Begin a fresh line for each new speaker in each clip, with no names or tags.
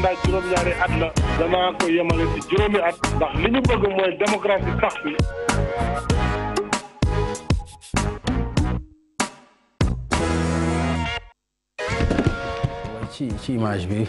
mandat juróom-ñaari at la danaa ko yemale ci juróomi at ndax li ñu bëgg mooy démocratie sax fi ci ci image bi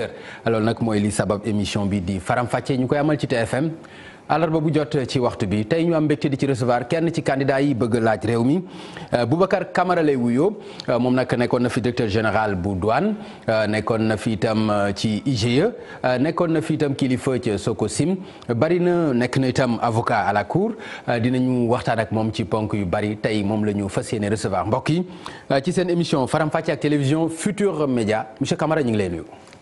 alors nak moy li sabab émission bi di faram-fàccee ñu koy amal ci TFM àllarba bu jot ci waxtu bi tay ñu am mbégte di ci recevoir kenn ci candidat yi bëgg laaj réew mi euh, Boubacar Camara lay wuyo euh, mom nak nekkon na fi directeur général bu douane euh, nekkon na fi tam ci IGE nekkon na fi tam kilifa ci Socosim bari na nekk na itam avocat à la cour dinañu waxtaan ak mom ci ponk yu bari tay mom lañu ñu recevoir mbokk yi ci seen émission faram-fàcce ak télévision Futur Média monsieur Camara ñu ngi lay nuyu.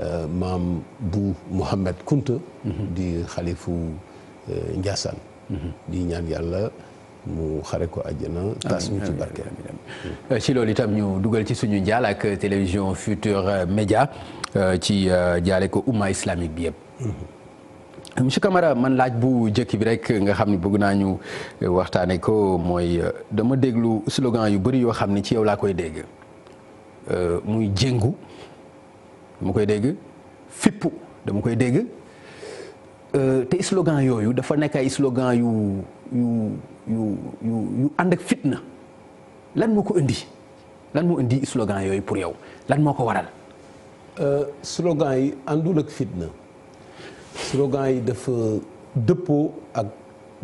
Euh, maam bu Mouhamed Kunta di xalifu euh, Ndiassane di ñaan yàlla mu xare ko àjjana tas ci barke euh, ci loolu itam ñu dugal ci suñu njaal ak télévision Futur Média ci jaale ko umma islamique bi yëpp monsieur Camara man laaj bu jëkk bi rek nga xam ni bëgg naa ñu waxtaane ko mooy dama déglu slogan yu bëri yoo xam ne ci yow laa koy dégg muy jéngu dama koy dégg fippu dama koy dégg euh, te slogan yooyu dafa nekk ay slogan yu yu yu yu yu ànd ak fitna lan moo ko indi lan moo indi slogan yooyu pour yow lan moo ko waral. Euh, slogan yi àndul ak fitna slogan yi dafa dëppoo ak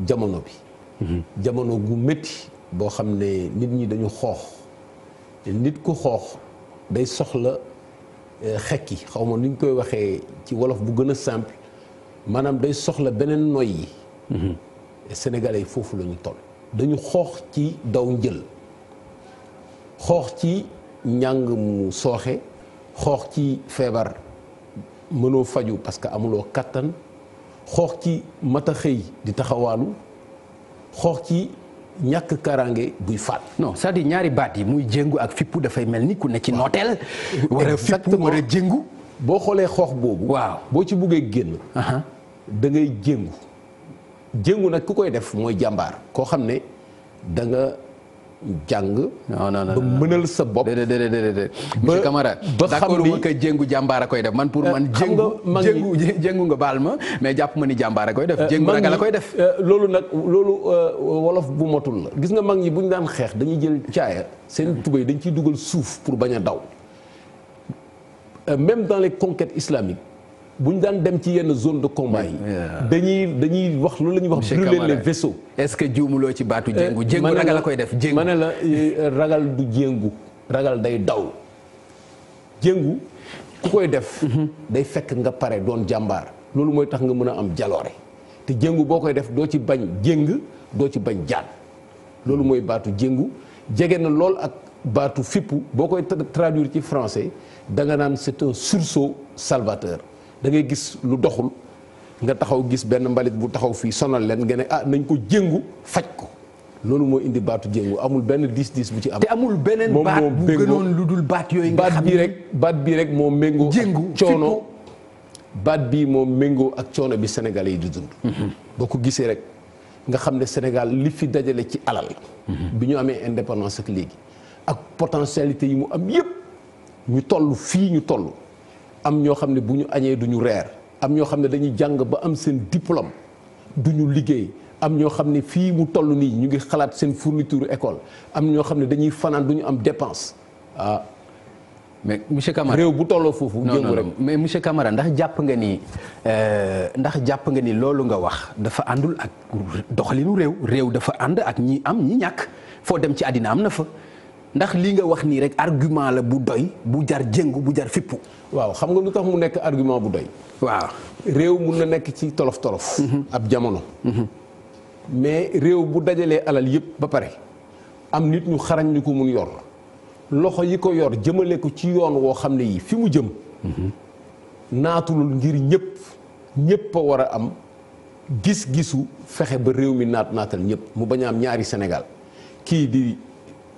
jamono bi. Mhm. jamono gu métti boo xam ne nit ñi dañu xoox nit ku xoox day soxla. xekki xaw ma nu ñu koy waxee ci wolof bu gën a simple maanaam day soxla beneen noy yi mhm. sénégalais yi foofu la ñu toll dañu xoox ci daw njël xoox ci njàng mu sooxe xoox ci feebar mënoo faju parce que amuloo kattan xoox ci mata xëy di taxawaalu xoox ci ñàkk kaaraange buy faat. no cest ñaari baat yi muy jëngu ak fippu dafay mel ni ku ne ci nooteel. war a fippu war a jéngu. boo xoolee xoox boobu. waaw boo ci buggee génn. da ngay jéngu jéngu nag ku koy def mooy jàmbaar koo xam ne da jang ba mënal sa bopp monsieur camara d'accord ma que jengu jàmbaara koy def man pour eh, man jengu jengu jengu nga baal ma mais jàpp ma ni jàmbaara koy def eh, jengu ragal la koy def eh, loolu nag loolu wolof bu motul la gis nga mag ñi bu ñu daan xeex dañuy jël caaya seen tubéy dañ ciy dugal suuf pour bañ daw même dans les conquêtes islamiques Bundan ñu daan dem ci yenn zone de combat yi. dañuy dañuy wax loolu la ñuy wax. brûler les vaisseaux. est-ce que juumuloo ci baatu Djengu? Euh, Djengu ragal la koy def jéngu euh, ragal du Djengu ragal day daw Djengu ku koy def. Mhm. day fekk nga pare doon jambar. Lolo moy tax nga am jalore. te Djengu boko edef def doo ci bañ jéng doo ci bañ jaan loolu mooy lolo jéngu jege na lool ak batu fipu boo traduire ci français da nga c'est un sursaut salvateur. da ngay gis lu doxul nga taxaw gis benn mbalit bu taxaw fii sonal leen nga ne ah nañ ko jëngu faj ko loolu moo indi baatu jéngu amul benn diis diis bu ci am. te amul beneen baat bu gënoon lu dul baat yooyu nga xam rek baat bi rek moo méngoo. jéngu coono baat bii moo méngoo ak coono bi Sénégalais yi di dund. Mhm. boo ko gisee rek nga xam ne Sénégal li fi dajale ci alal. Mhm. bi ñu amee indépendance ak léegi. ak potentialité yi mu am yëpp ñu toll fii ñu toll. am ñoo xam ne bu ñu añee duñu ñu reer am ñoo xam ne dañuy jàng ba am seen diplôme du ñu liggéey am ñoo xam ne fii mu toll nii ñu ngi xalaat seen fourniture école am ñoo xam ne dañuy fanaan duñu am dépense ah. mais monsieur Camara réew bu tolloo foofu. non mais monsieur kamara ndax jàpp nga ni euh, ndax jàpp nga ni loolu nga wax dafa àndul ak doxalinu réew réew dafa ànd ak ñii am ñi ñàkk foo dem ci àddina am na fa. ndax lii nga wax nii rek argument la bu doy bu jar jëngu bu jar fippu. waaw xam nga lu tax mu nekk argument bu doy. waaw réew mun na nekk ci tolof tolof. Mhm. ab jamono. Mhm. mais réew bu dajalee alal yëpp ba pare am nit ñu xarañ li ko mun yor loxo yi ko yor jëmale ko ci yoon woo xam ne yii fi mu jëm. Mhm. naatulul ngir ñëpp ñëpp a war a am gis-gisu fexe ba réew mi naat naatal ñëpp mu bañ a am ñaari senegal kii di.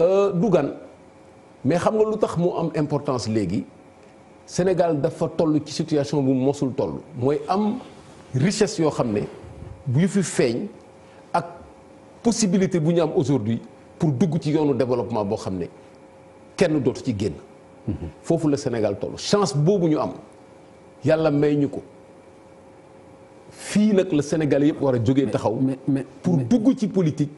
Dugan, euh, mais xam nga lutax mo am importance léegi Sénégal dafa toll ci situation bu mosul toll moy am richesse yo, xam ne bu fi ak possibilité bu am aujourd'hui pour dugg ci yoonu développement bo xam ne kenn dootu ci génn mhm. fofu la Sénégal toll chance bobu ñu am yalla may ñu ko fii nag la Sénégal yëpp war a taxaw pour dugg ci politique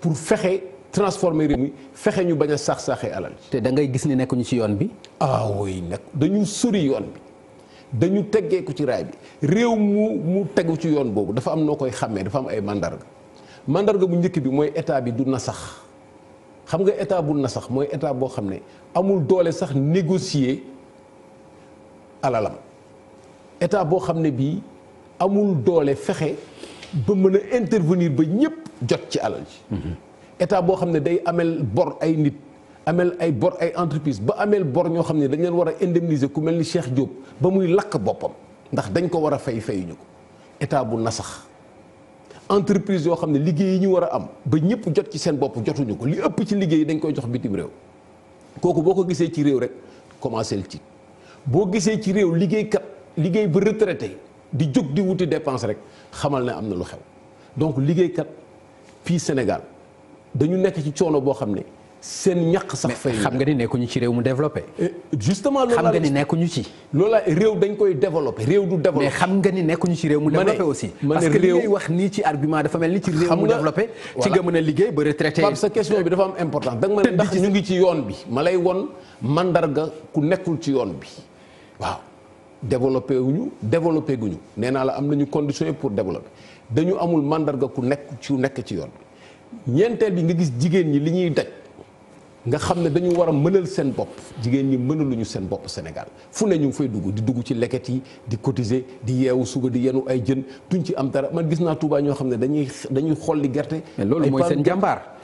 pour fexé transformer réew mi fexé ñu baña sax saxé alal te da ngay gis ni ñu ci yoon bi ah oui nak dañu sori yoon bi dañu ku ci raay bi réew mu mu téggu ci yoon bobu dafa am nokoy xamé dafa am ay mandarga mandarga bu bi état bi du nasax xam nga état bu nasax état amul doolé sax négocier alalam état bo xamné amul doolé fexé ba mëna intervenir ba ñëpp jot ci alal ji mhm. état bo xamné day amel bor ay nit amel ay bor ay entreprise ba amel bor ño xamné dañ leen wara indemniser ku melni Cheikh Diop ba muy lak bopam ndax dañ ko wara fay fay ñuko état bu nasax entreprise yo xamné liggéey ñu wara am ba ñëpp jot ci seen bop jotu ñuko li ëpp ci liggéey dañ koy jox bitim rew koku boko gisé ci rew rek commencé l ci bo gisé ci rew liggéey kat liggéey bu retraité di jóg di wuti dépense rek xamal ne amna lu xew donc liggéey kat fi Sénégal dañu nekk ci coono boo xam ne seen ñaq sax fay xam nga ni nekkuñu ci réew mu développé eh, justement loolu xam nga ni nekkuñu ci loolu réew dañ koy développé réew du développé mais xam nga ni nekkuñu ci réew mu développé aussi parce que wax nii ci argument dafa mel ni ci réew mu développé mën a liggéey ba retraité sa question bi dafa am importance da ma ne ndax ñu ngi ci yoon bi ma lay won mandarga ku nekkul ci yoon bi waaw développé wuñu développé guñu nee naa la am ñu condition pour développé dañu amul mandarga ku nekk ci nekk ci yoon bi ñeenteel bi nga gis jigéen ñi li ñuy daj nga xam ne dañu war a mënal seen bopp jigéen ñi mënaluñu seen bopp Sénégal fu ne ñu ngi fay dugg di dugg ci leket yi di cotiser di yeewu suba di yenu ay jën duñ ci am dara man gis naa Touba ñoo xam ne dañuy dañuy xolli gerte. loolu mooy seen jàmbaar.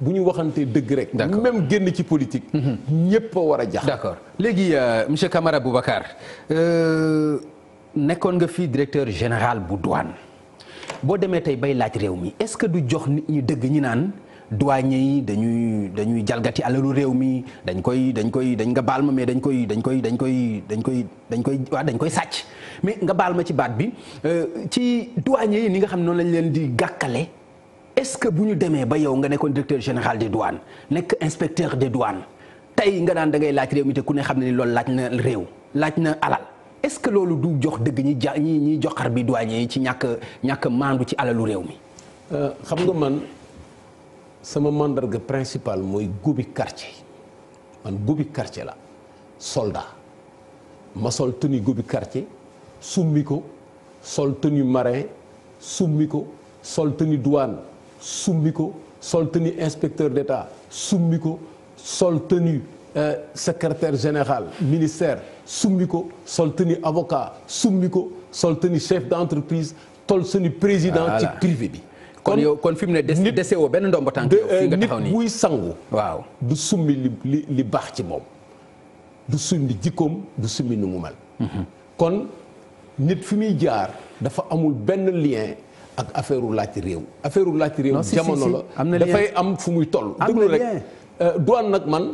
bu ñu waxantee dëgg rek. même génn ci politique. Mhm. ñëpp a war a jax. d' accord léegi euh, monsieur Camara Boubacar euh, nekkoon nga fi directeur général bu douane boo demee tey bay laaj réew mi est ce que du jox nit ñi dëgg ñi naan. douanier yi dañuy dañuy jalgati alalu réew mi dañ koy dañ koy dañ nga baal ma mais dañ koy dañ koy dañ koy dañ koy dañ koy waaw dañ koy sàcc mais nga baal ma ci baat bi euh, ci douanier yi ni nga xam ne noonu lañ leen di gàkkale est-ce que bu ñu demee ba yow nga nekkoon directeur général des douanes nekk inspecteur de douanes tey nga daan dangay laaj réew mi te ku ne xam ne ni loolu laaj na réew laaj na alal est-ce que loolu du jox dëgg ñi ja ñi jox xar bi douanier yi ci ñàkk ñàkk maandu ci alalu réew mi euh, xam nga man sama màndarga principal mooy gubi quartier man gubi quartier la soldat ma sol tenue gubi quartier summi ko sol tenue marin summi ko sol tenue douane Soumiko, soltenu inspecteur d'État Soumiko, soltenu... Euh, secrétaire général ministère Soumiko, soltenu avocat Soumiko, soltenu chef d'entreprise Tolsoni, président privé bi kon kon fi mu ne des fi nga euh, taxaw nit buy sangu waaw du summi li li ci du mhm. kon nit dafa lien ak affaireu laaj réew. affaire laaj réew jamono la da fay am fumuy toll. déglu rek euh, douane nak man.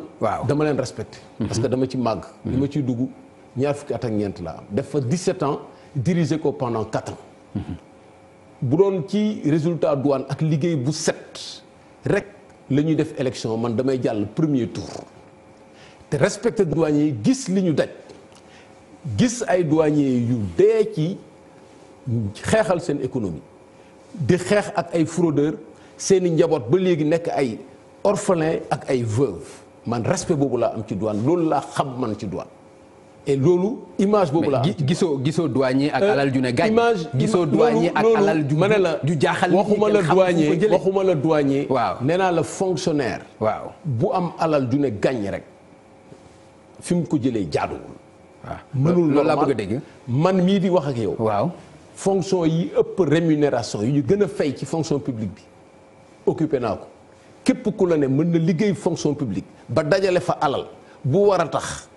dama len respecter mhm. parce que dama ci mag mhm. dama ci ciy dugg ñaar fukki at ak ñent la am. def fa 17 ans diriger ko pendant 4 ans. Mhm. bu doon ci résultat douane ak liguey bu set rek lañu def élection man damay jall premier tour té respecté douanier yi gis liñu daj gis ay douanier yu dé ci xéxal sen économie. di xeex ak ay fraudeur seeni njaboot ba léegi nekk ay orphelin ak ay veuve man respect boobu laa am ci douane loolu laa xam man ci douane et loolu image boobu laa gisoo gisoo douanier ak euh, alal ju ne gaañ image gisoo douanier ak alal ju ma ne la ju jaaxal waxuma la douanier waxuma la douanier naa la fonctionnaire waaw bu am alal ju ne rek fi ko jëlee jaaduwul waaw ah. mënul loolu laa bëgg a dégg man mii di wax ak yow waaw fonction yi ëpp rémunération yi ñu a fay ci fonction publique bi occupé naa ko képp ku la né mën na liggéey fonction publique ba dajalé fa alal bu wara tax.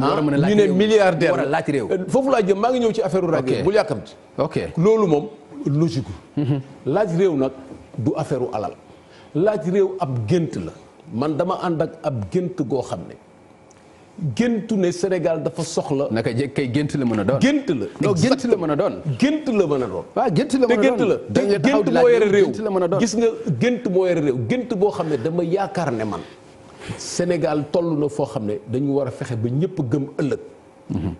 Ah ñu né milliardaire
euh, fofu la jëm ma ngi ñëw ci affaire rajo bu yàkkamti ok lolu mom logique mhm. laaj réew nak du affaire alal laaj réew ab gënt la man dama ànd ak ab gënt go xamné géntu ne Sénégal dafa soxla. naka jekk kay gént la mën a doon. gént la non gént la mën a doon. gént la mën a doon. waaw gént la mën a doon te gént la te gént moo yore réew. gis nga gént moo yore réew gént boo xam ne dama yaakaar ne man Sénégal toll na foo xam ne dañu war a fexe ba ñëpp gëm ëllëg. Mhm.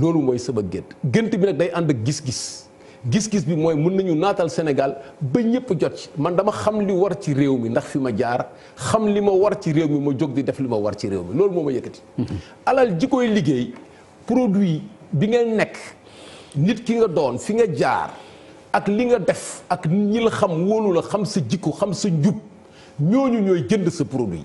loolu mooy sama gént gént bi nag day ànd ak gis-gis. gis-gis bi mooy mun nañu naatal senegal ba ñëpp jot ci man dama xam li war ci réew mi ndax fi ma jaar xam li ma war ci réew mi ma jóg di def li ma war ci réew mi loolu moo yëkkati. Mhm. alal ji koy liggéey produit bi nga nekk nit ki nga doon fi nga jaar ak li nga def ak ñi xam wóolu la xam sa jikko xam sa njub ñooñu ñooy jënd sa produit.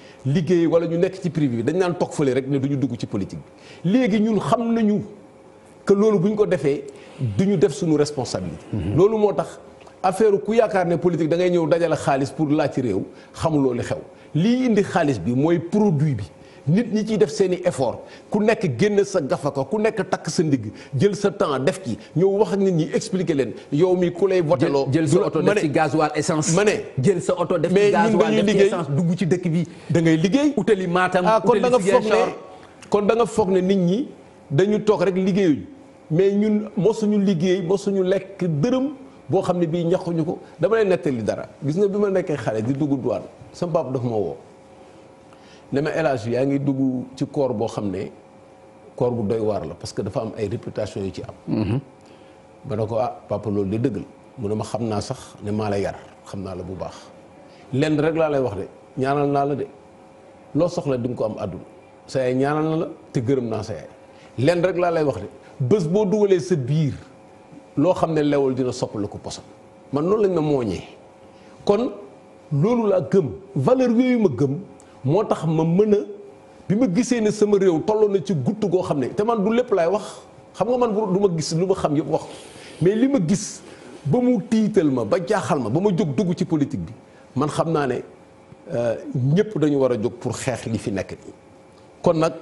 liggéey wala ñu nekk ci privé bi dañ naan toog fële rek ne du ñu dugg ci politique bi léegi ñun xam nañu que loolu bu ñu ko defee du ñu def suñu responsabilité. Mhm. loolu moo tax affaire ku yaakaar ne politique da ngay ñëw dajale xaalis pour laa ci réew xamuloo li xew lii indi xaalis bi mooy produit bi. nit ñi ciy def seen i effort ku nekk génn sa gafaka ku nekk takk sa ndigg jël sa temps def ci ñëw wax ak nit ñi expliquer leen yow mi ku lay voteloo jël sa oto def ci gasoil essence ma ne jël sa oto def ci gasoil def essence dugg ci dëkk bi da ngay liggéey utali maatam ah kon da nga foog ne kon danga foog ne nit ñi dañu toog rek liggéeyuñ mais ñun mosuñu liggéey mosuñu lekk dërëm boo xam ne bii ñaxuñu ko dama lay nettali dara gis nga bi ma nekkee xale di dugg douane sama papa daf ma woo ne ma élage yaa ngi dugg ci koor boo xam ne koor bu doy waar la parce que dafa am ay réputation yu ci am ba mhm. ne ko ah papa loolu de dëgg la mu ne ma xam naa sax ne maa la yar xam naa la bu baax lenn rek laa lay wax de ñaanal naa la de loo soxla di nga ko am àdduna sa yaay ñaanal te gërëm naa sa yaay lenn rek laa lay wax de bés boo dugalee sa biir loo xam ne lewal dina soppala ko poson man noonu lañ ma mooñee kon loolu laa gëm valeur yooyu ma gëm moo tax ma mën a bi ma gisee ne sama réew tolloon na ci gutt goo xam ne te man du lépp laay wax xam nga man du ma gis lu ma xam yëpp wax mais li ma gis ba mu tiital ma ba jaaxal ma ba ma jóg dugg ci politique bi man xam naa ne euh, ñëpp dañu war a jóg pour xeex li fi nekk nii kon nag.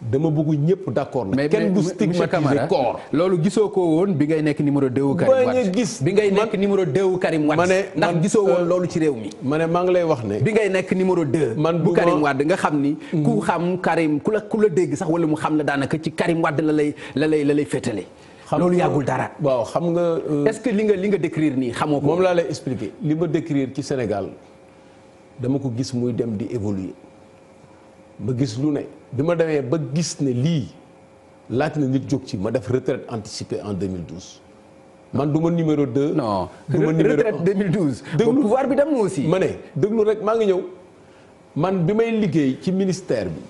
dama bëgg ñëpp d'accord la. kenn du stigmatiser corps loolu gisoo ko woon bi ngay nekk numéro 2 Karim Wade gis bi ngay nekk numéro 2 Karim Wade ndax gisoo woon euh, loolu ci réew mi. ma ne maa ngi lay wax ne. bi ngay nekk numéro de man bu Karim Wade nga xam ni. Mm. ku xam Karim ku la ku la dégg sax wala mu xam la daanaka ci Karim Wade la lay la lay la lay féetale. loolu yàggul dara. waaw xam nga. Euh, est-ce que li nga li nga décrire nii xamoo ko. moom laa lay expliquer li ma décrire ci Sénégal dama ko gis muy dem di évoluer. ma gis lu ne bi ma demee ba gis ne lii laaj na nit jóg ci ma def retraite anticipée en 2012. man suis pas numéro 2. non retraite 2012. le pouvoir bi dem aussi. Je suis déglu rek maa ngi ñëw man bi may liggéey ci ministère bi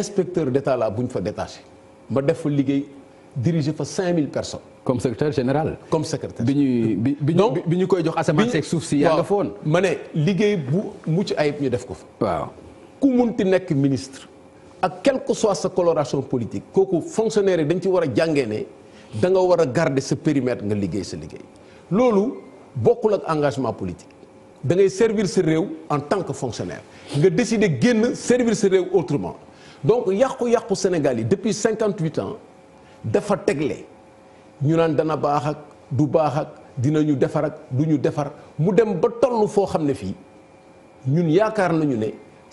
inspecteur d' la fa détaché ma def fa liggéey diriger fa 5000 personnes. comme secrétaire général. comme secrétaire Non, ñuy bi bi ñu bi ñu koy jox asamaan seeg suuf nga foon. ma ne bu mucc ayib ñu def ko fa waaw ku munti nekk ministre à quelle que soit sa coloration politique que fonctionnaire fonctionnaires ci da nga garder ce périmètre nga liggéey sa liggéey loolu bokkul ak engagement politique da ngay servir ce réel en tant que fonctionnaire nga décider de servir ce réel autrement donc yàqu-yàqu Sénégalais, depuis 58 huit ans dafa tegle ñu naan dana baax ak du baax ak dinañu défar ak duñu défar mu dem ba tollu fo xamné fi ñun yaakaar nañu ne.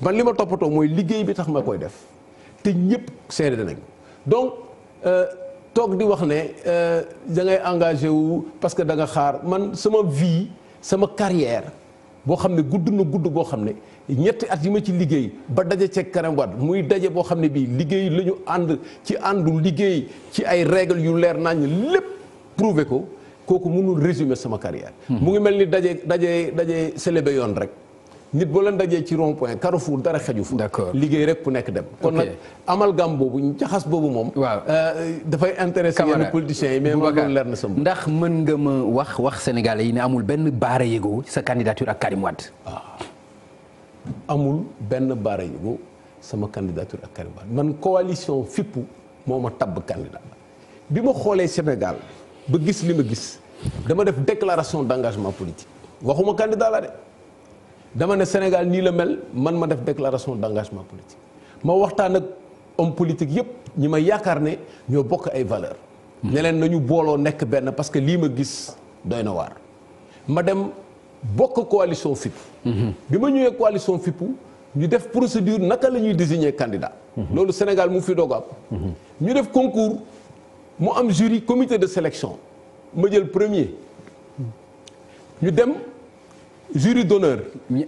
man li ma toppatoo mooy liggéey bi tax ma koy def te ñëpp seede nañ donc euh, toog di wax ne euh, da ngay engagé wu parce que da nga xaar man sama vie sama carrière boo xam ne gudd na gudd boo xam ne ñetti at yi ma ci liggéey ba daje ceeg Karim Wade muy daje boo xam ne bii liggéey la ñu ànd ci àndu liggéey ci ay règles yu leer naññ lépp prouvé ko kooku mënul résumer sama carrière hmm. mu ngi mel ni daje daje daje célébé yoon rek nit boo leen dajee ci rond point Carrefour dara xeju fa. d'accord liggéey rek ku nekk dem. kon nag amalgam boobu jaxas boobu moom. waaw euh, dafay intéressé yenn politiciens yi mais moom leer na sama. ndax mën nga ma wax wax sénégalais yi ne amul benn baara yëgoo sa candidature ak Karim Wade. Ah. amul benn baara yëgoo sama candidature ak Karim Wade man coalition fippu moo ma tabb candidat bi ma xoolee Sénégal ba gis li ma gis dama def déclaration d'engagement politique waxuma candidat la de. dama ne Sénégal ni le mel man ma def déclaration d'engagement politique ma waxtaan ak homme politique yépp ñi ma yaakaar ne ñoo bokk ay valeur hmm. ne leen nañu booloo nekk benn parce que lii ma gis doy na waar ma dem bokk coalition fip hmm. bi ma ñëwee coalition fip ñu def procédure naka la ñuy désigner candidat hmm. loolu Sénégal mu fi doog am ñu def concours mu am jury comité de sélection ma jël premier ñu dem jury d'honneur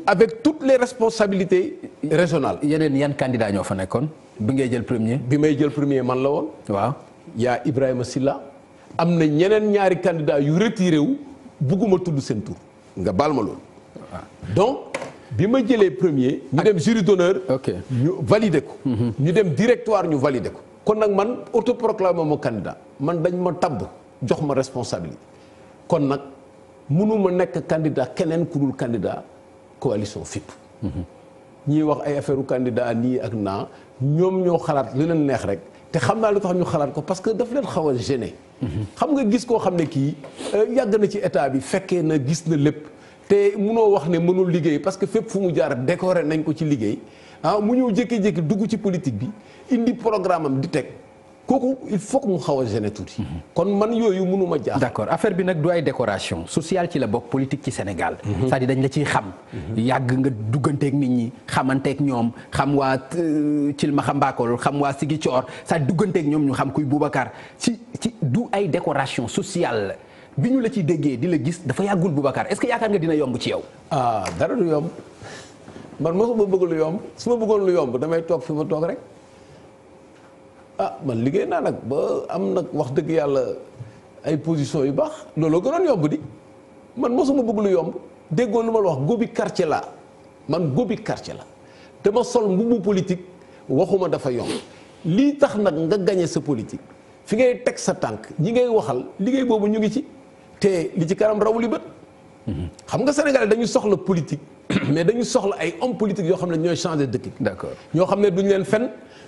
avec toutes les responsabilités régionales. yeneen un candidat qui fa nekkoon. bi ngay jël premier. bi may jël premier man la Il y a Ibrahim Silla. am na ñeneen ñaari candidat yu retiré wu bugguma tudd seen tur. nga baal ma loolu. Ah. donc bi ma jëlee premier. ñu dem jury d'honneur. ok ñu validé ko. Mhm. ñu dem directoire ñu valider. ko. kon nag man autoproclamé ma candidat man dañ ma tabb jox ma responsabilité kon mënuma nekk candidat keneen ku dul candidat coalition FIP. ñiy wax ay affaire u nii ak naa ñoom ñoo xalaat li leen neex rek te xam naa lu tax ñu xalaat ko parce que daf leen xaw a gêné. xam nga gis koo xam ne kii euh, yàgg na ci état bi fekkee na gis na lépp te munoo wax ne mënul liggéey parce que fépp fu mu jaar décoré nañ ko ci liggéey ah mu ñëw jékki-jékki dugg ci politique bi indi programme am di teg. kooku il faut que mu xaw a gêné tuuti. kon man yooyu mënuma jaax. d'accord affaire bi nag du ay décoration sociale ci la bokk politique ci Sénégal. Mhm. cest à dañ la ciy xam. Mhm. yàgg nga dugganteek nit ñi xamanteek ñoom xam waa euh, ma Mbakol xam waa Sigi Coor cest à ñoom ñu xam kuy Boubacar ci ci du ay décoration sociale bi ñu la ciy déggee di la gis dafa yàggul Boubacar est-ce que yaakaar nga dina yomb ci yow. ah dara du yomb man mosuma bëgg lu yomb su ma lu yomb damay toog fi ma toog rek. ah man liggéey naa nag ba am nag wax dëgg yàlla ay position yu baax looloo gënoon yomb di man mosuma bëgg lu yomb déggoo lu ma la wax góobi quartier laa man góobi quartier la te ma sol mbubu politique waxuma dafa yomb lii tax nag nga gañe sa politique fi ngay teg sa tànk ñi ngay waxal liggéey boobu ñu ngi ci te li ci kanam rawu li bët xam nga Sénégal dañu soxla politique mais dañu soxla ay hommes politiques yoo xam ne ñooy changer dëkk d'accord ñoo xam ne duñu leen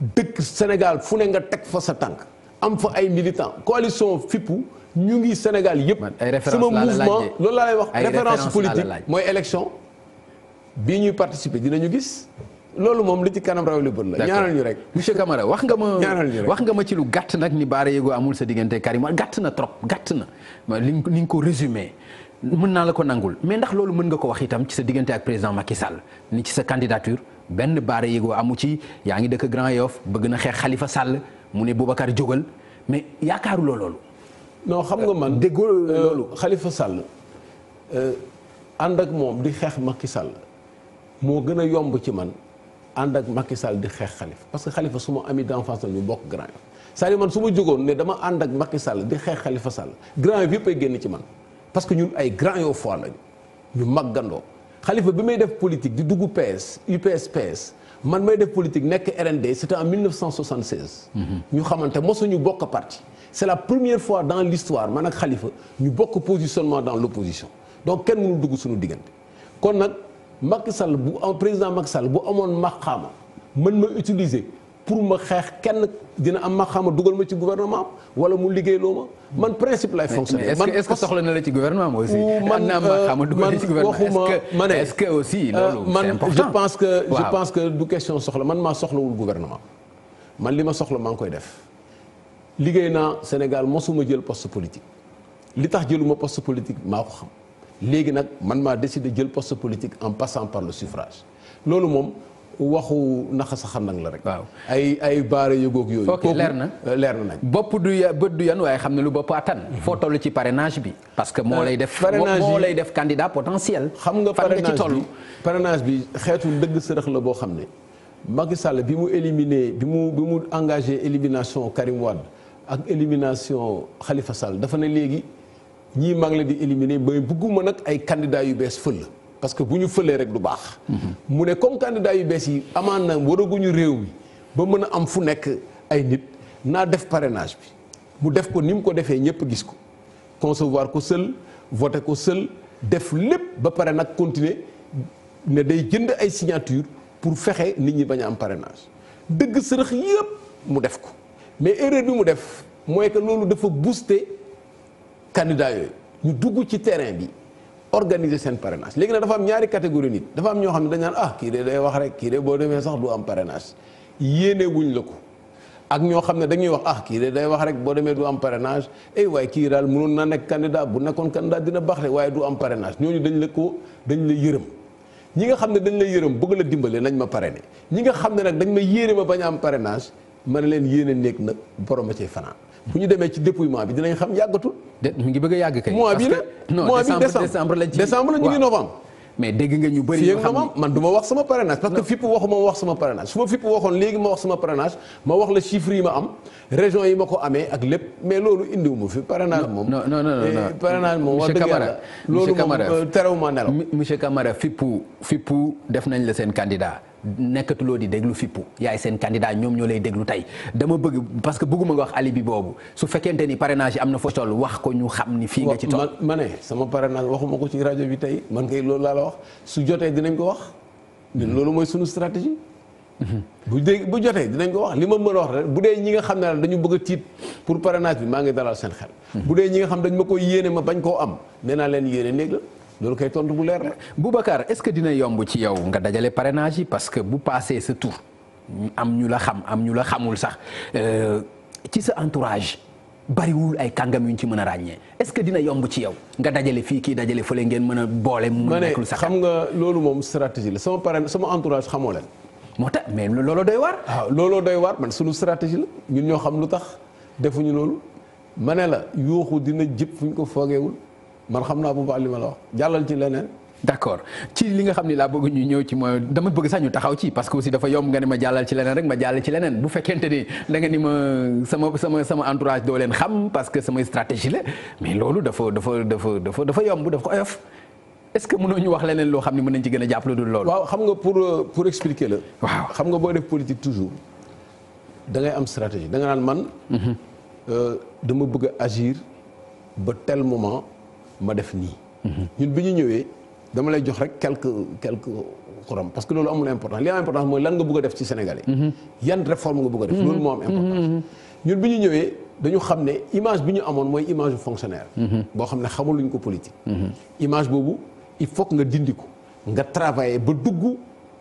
dëkk Sénégal fu ne nga teg fa sa tànk am fa ay militants coalition fippu ñu ngi Sénégal yëpp. sama mouvement loolu laa lay wax référence politique mooy élection bii ñuy participer ñu gis. loolu moom li ci kanam raw li bët la ñaanal ñu rek monsieur Camara wax nga ma wax nga ma ci lu gàtt nag ni Baara Yégo amul sa diggante Karim gàtt na trop gàtt na li ni nga ko résumé mën naa la ko nangul mais ndax loolu mën nga ko wax itam ci sa diggante ak président Macky Sall ni ci benn baare yégoo amu ci yaa ngi dëkk Grand Yoff bëgg na xeex xalifa Sall mu ne Boubacar jógal mais yaakaaruloo loolu. non xam nga man déggoo euh, loolu Khalifa Sall euh, ànd ak moom di xeex Macky Sall moo gën a yomb ci man ànd ak Macky Sall di xeex xalifa parce que Khalifa su ma ami d'enfance la ñu bokk Grand Yoff c'est-à-dire jógoon ne dama ànd ak Macky Sall di xeex Khalifa Sall Grand yëpp ay génn ci man parce que ñun ay Grand Yoffois lañu ñu màggandoo. Khalifa bi may def politique di Dougou PS UPS PS man may politique de RND c'était en 1976. Nous, avons fait bokk parti. c'est la première fois dans l'histoire man ak Khalifa ñu bokk positionnement dans l'opposition donc quel est le suñu diggante. kon nag Macky Sall président Macky Sall bu amoon maxaama utiliser pour ma xeex kenn dina am ma xam dugal ma ci gouvernement wala mu liggéeyloo ma man principe lay fonctionner. man est-ce que soxla na la ci gouvernement aussi. man euh, man waxuma ma ne est-ce que aussi euh, loolu man je pense que je pense que du question soxla man ma soxla wul gouvernement man li ma soxla maa koy def liggéey naa Sénégal mosuma jël poste politique li tax jëluma poste politique maa ko xam léegi nag man ma décidé jël poste politique en passant par le suffrage loolu mom, waxu naxa sa xam nag la rek. waaw ay ay baare yëgoog yooyu. ok leer na leer na nañ. bopp du ya bët du yan waaye xam lu bopp atane mhm. fo tollu ci parrainage bi. parce que mo lay def mo lay def candidat potentiel. xam nga parrainage bi parrainage bi xeetu dëgg sërëx la bo xamne Macky Sall bi mu éliminé bi mu bi mu engagé élimination Karim Wade ak élimination Khalifa Sall dafa ne léegi ñi maa ngi di éliminer mais bëgguma nag ay candidat yu bess feul parce que vous feulé rek du bax comme candidat yu ba am fu ay nit def parrainage bi mu def ko ni ko defee ñëpp gis ko concevoir ko seul voter seul def continuer ne day jënd ay signature pour fexé nit ñi am parrainage deug sërëx mu def ko mais erreur bi mu def moy que loolu dafa booster candidat Nous ñu dugg ci terrain organiser seen parrainage léegi nag dafa am ñaari catégorie nit dafa am ñoo xam ne dañ naan ah kii de wax rek kii de boo sax du am parrainage yéene wuñ la ko ak ñoo xam ne dañuy wax ah kii de day wax rek boo demee du am parenage eh waaye kii daal mënoon na nekk candidat bu nekkoon candidat dina baax de waaye du am parrainage ñooñu dañ la ko dañ la yërëm ñi nga xam ne dañ la yërëm bëgg la dimbalee nañ ma parrainé ñi nga xam ne rek dañ ma yéene ma bañ am parrainage ma ne leen yéene néeg nag borom a cee fanaan. bu ñu demee ci dépouillement bi dinañ xam yàggatul. de ngi bëgg yàgg kay. mois bi la mois bi décembre lañ ci décembre la ñu novembre. mais dégg nga ñu bëri xam man duma wax sama parrainage parce que fipp waxuma ma wax sama parrainage su ma fipp waxoon léegi ma wax sama parrainage ma wax la chiffre yi ma am région yi ma ko amee ak lépp mais loolu indiwu ma fi parrainage moom non non non eh, parrainage moom wax dëgg yàlla loolu moom euh, terewuma nelaw monsieur Camara fippu fippu def nañ la seen candidat nekkatuloo di déglu fippu yaay seen candidat ñoom ñoo lay déglu tey dama bëgg parce que bëgguma nga wax alibi boobu su fekkente ni parrainage yi am na fo toll wax ko ñu xam ni fii nga ci toll ma ne sama parrainage waxuma ko ci rajo bi tey man kay loolu laa la wax su jotee dinañ ko wax loolu mooy sunu stratégie mhm. bu dee bu jotee dinañ ko wax li ma mën a wax rek bu dee ñi nga xam ne daal dañu bëgg a tiit pour parrainage bi maa ngi dalal seen xel mhm. bu dee ñi nga xam dañ ma koy yéene ma bañ koo am nee naa leen yéene néeg la loolu kay tontu bu leer la. Boubacar est-ce que dina yomb ci yow nga dajale parrainage parce que bu passé sa tour am ñu la xam am ñu la xamul sax euh, ci sa entourage bariwul ay kàngam yu ñu ci mën a ràññee est-ce que dina yomb ci yow nga dajale fii kii dajale fële ngeen mën a boole. mu nekkul sax xam nga loolu moom stratégie la sama parrain sama entourage xamoo leen. moo tax mais looloo doy waar. waaw ah, looloo doy waar man suñu stratégie la ñun ñoo xam lu tax defuñu loolu ma ne la yuuxu dina jëpp fu ko foogeewul. man xam naa bu baax li ma la wax jàllal ci leneen. d'accord ci li nga xam ni laa bëgg ñu ñëw ci mooy dama bëgg sax ñu taxaw ci parce que aussi dafa yomb nga ne ma jàllal ci leneen rek ma jàllal ci leneen bu fekkente ni da ni ma sama sama sama entourage doo leen xam parce que samay stratégie la loolu dafa dafa dafa dafa dafa yomb dafa ko oyof est-ce que mënoo ñu wax leneen loo xam ni mën nañ ci gën a jàpp lu dul loolu. waaw xam nga pour pour expliquer la. waaw xam nga boo def politique toujours da ngay am stratégie da nga naan man. Mhm. Euh, dama bëgg a tel moment. ma def nii. ñun bi ñu ñëwee dama lay jox rek quelques quelques xorom parce que loolu amul importance li am importance mooy lan nga bëgg a def ci Sénégalais. yan réforme nga bëgg a def. Mhm. loolu moo am importance. Mhm. ñun bi ñu dañu xam image bi ñu amoon mooy image fonctionnaire. Mhm. boo xam ne ko politique. image boobu il faut que nga dindi nga travailler ba dugg.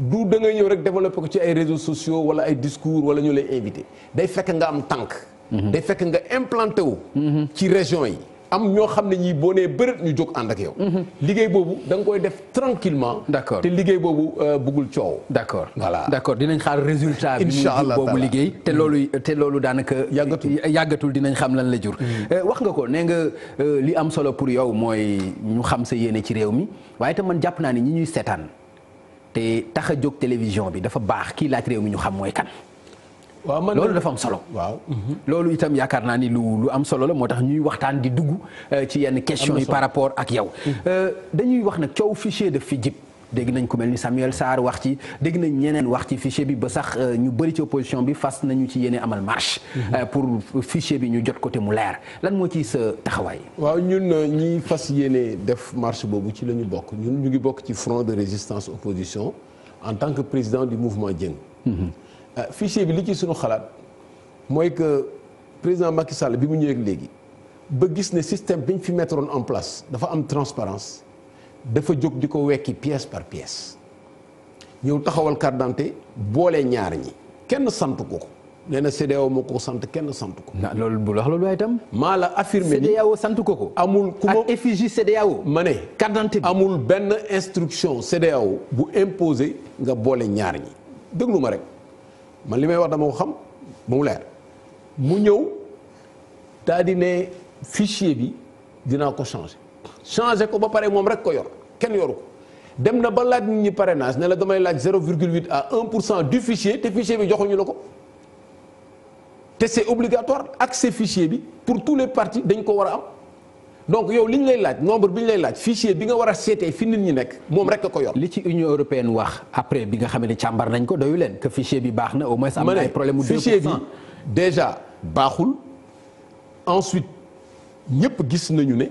d'où da ngay rek développé ko ci réseaux sociaux wala ay discours wala ñu lay inviter day fekk nga am tank mhm. day fekk nga implanté wu. Mhm. ci région yi. am ñu ak yow. Mhm. koy def tranquillement d'accord te liggéey boobu euh, bugul coow. d'accord voilà d'accord dinañ xaar résultat bi. ñu boobu liggéey. te loolu te loolu daanaka. dinañ xam lan la jur. Euh, wax nga ko nee nga euh, li am solo pour yow mooy ñu xam sa yéene ci réew mi man ni ñi ñuy te tax télévision bi dafa baax ki laaj réew mi ñu xam moy kan. waaw man loolu dafa am solo. waaw loolu itam yaakaar naa ni lu lu am solo la motax ñuy waxtaan di dugg euh, ci yenn question yi par rapport ak yow. Mm. Euh, dañuy wax nak ciow fichier de FIDJIP dégg nañ Samuel Sar wax ci dégg nañ ñeneen wax ci fichier bi ba sax euh, ñu ci opposition bi fas nañu ci yene amal marche. Mhm. Euh, pour fichier bi ñu jot côté mu leer lan mo ci sa taxawaay. waaw ñun euh, ñi fas yene def marche bobu ci la ñu bokk ñun ñu ngi bokk ci front de résistance opposition en tant que président du mouvement Dieng. Mhm. fichier bi li ci suñu xalaat mooy que président Macky Sall bi mu ak légui ba gis né système biñ fi mettre en place dafa am transparence dafa que di ko pièce par pièce ñeu taxawal carte d'identité ñaar ñi kenn sant ko cdao moko sant kenn sant ko. bu wax ni sant ko ko. amul kuma ak effigie amul instruction CDAO bu imposé nga bolé ñaar ñi déglu rek man wax dama ko xam mu leer mu fichier changé ko ba pare mom rek ko yor ken yoruko ko dem na ba laaj nit ñi parrainage ne la damay laaj 0,8 à 1 du fichier té fichier bi joxu ñu lako té c'est obligatoire accès fichier bi pour tous les partis dañ ko wara am donc yow liñ lay laaj nombre biñ lay laaj fichier bi nga wara a fi nit ñi nek mom rek ko yor. li ci Union européenne wax après bi nga xamé ni càmbar nañ ko doyu leen que fichier bi baxna au moins. am ay problème de fichier bi déjà baxul ensuite ñepp gis nañu ne.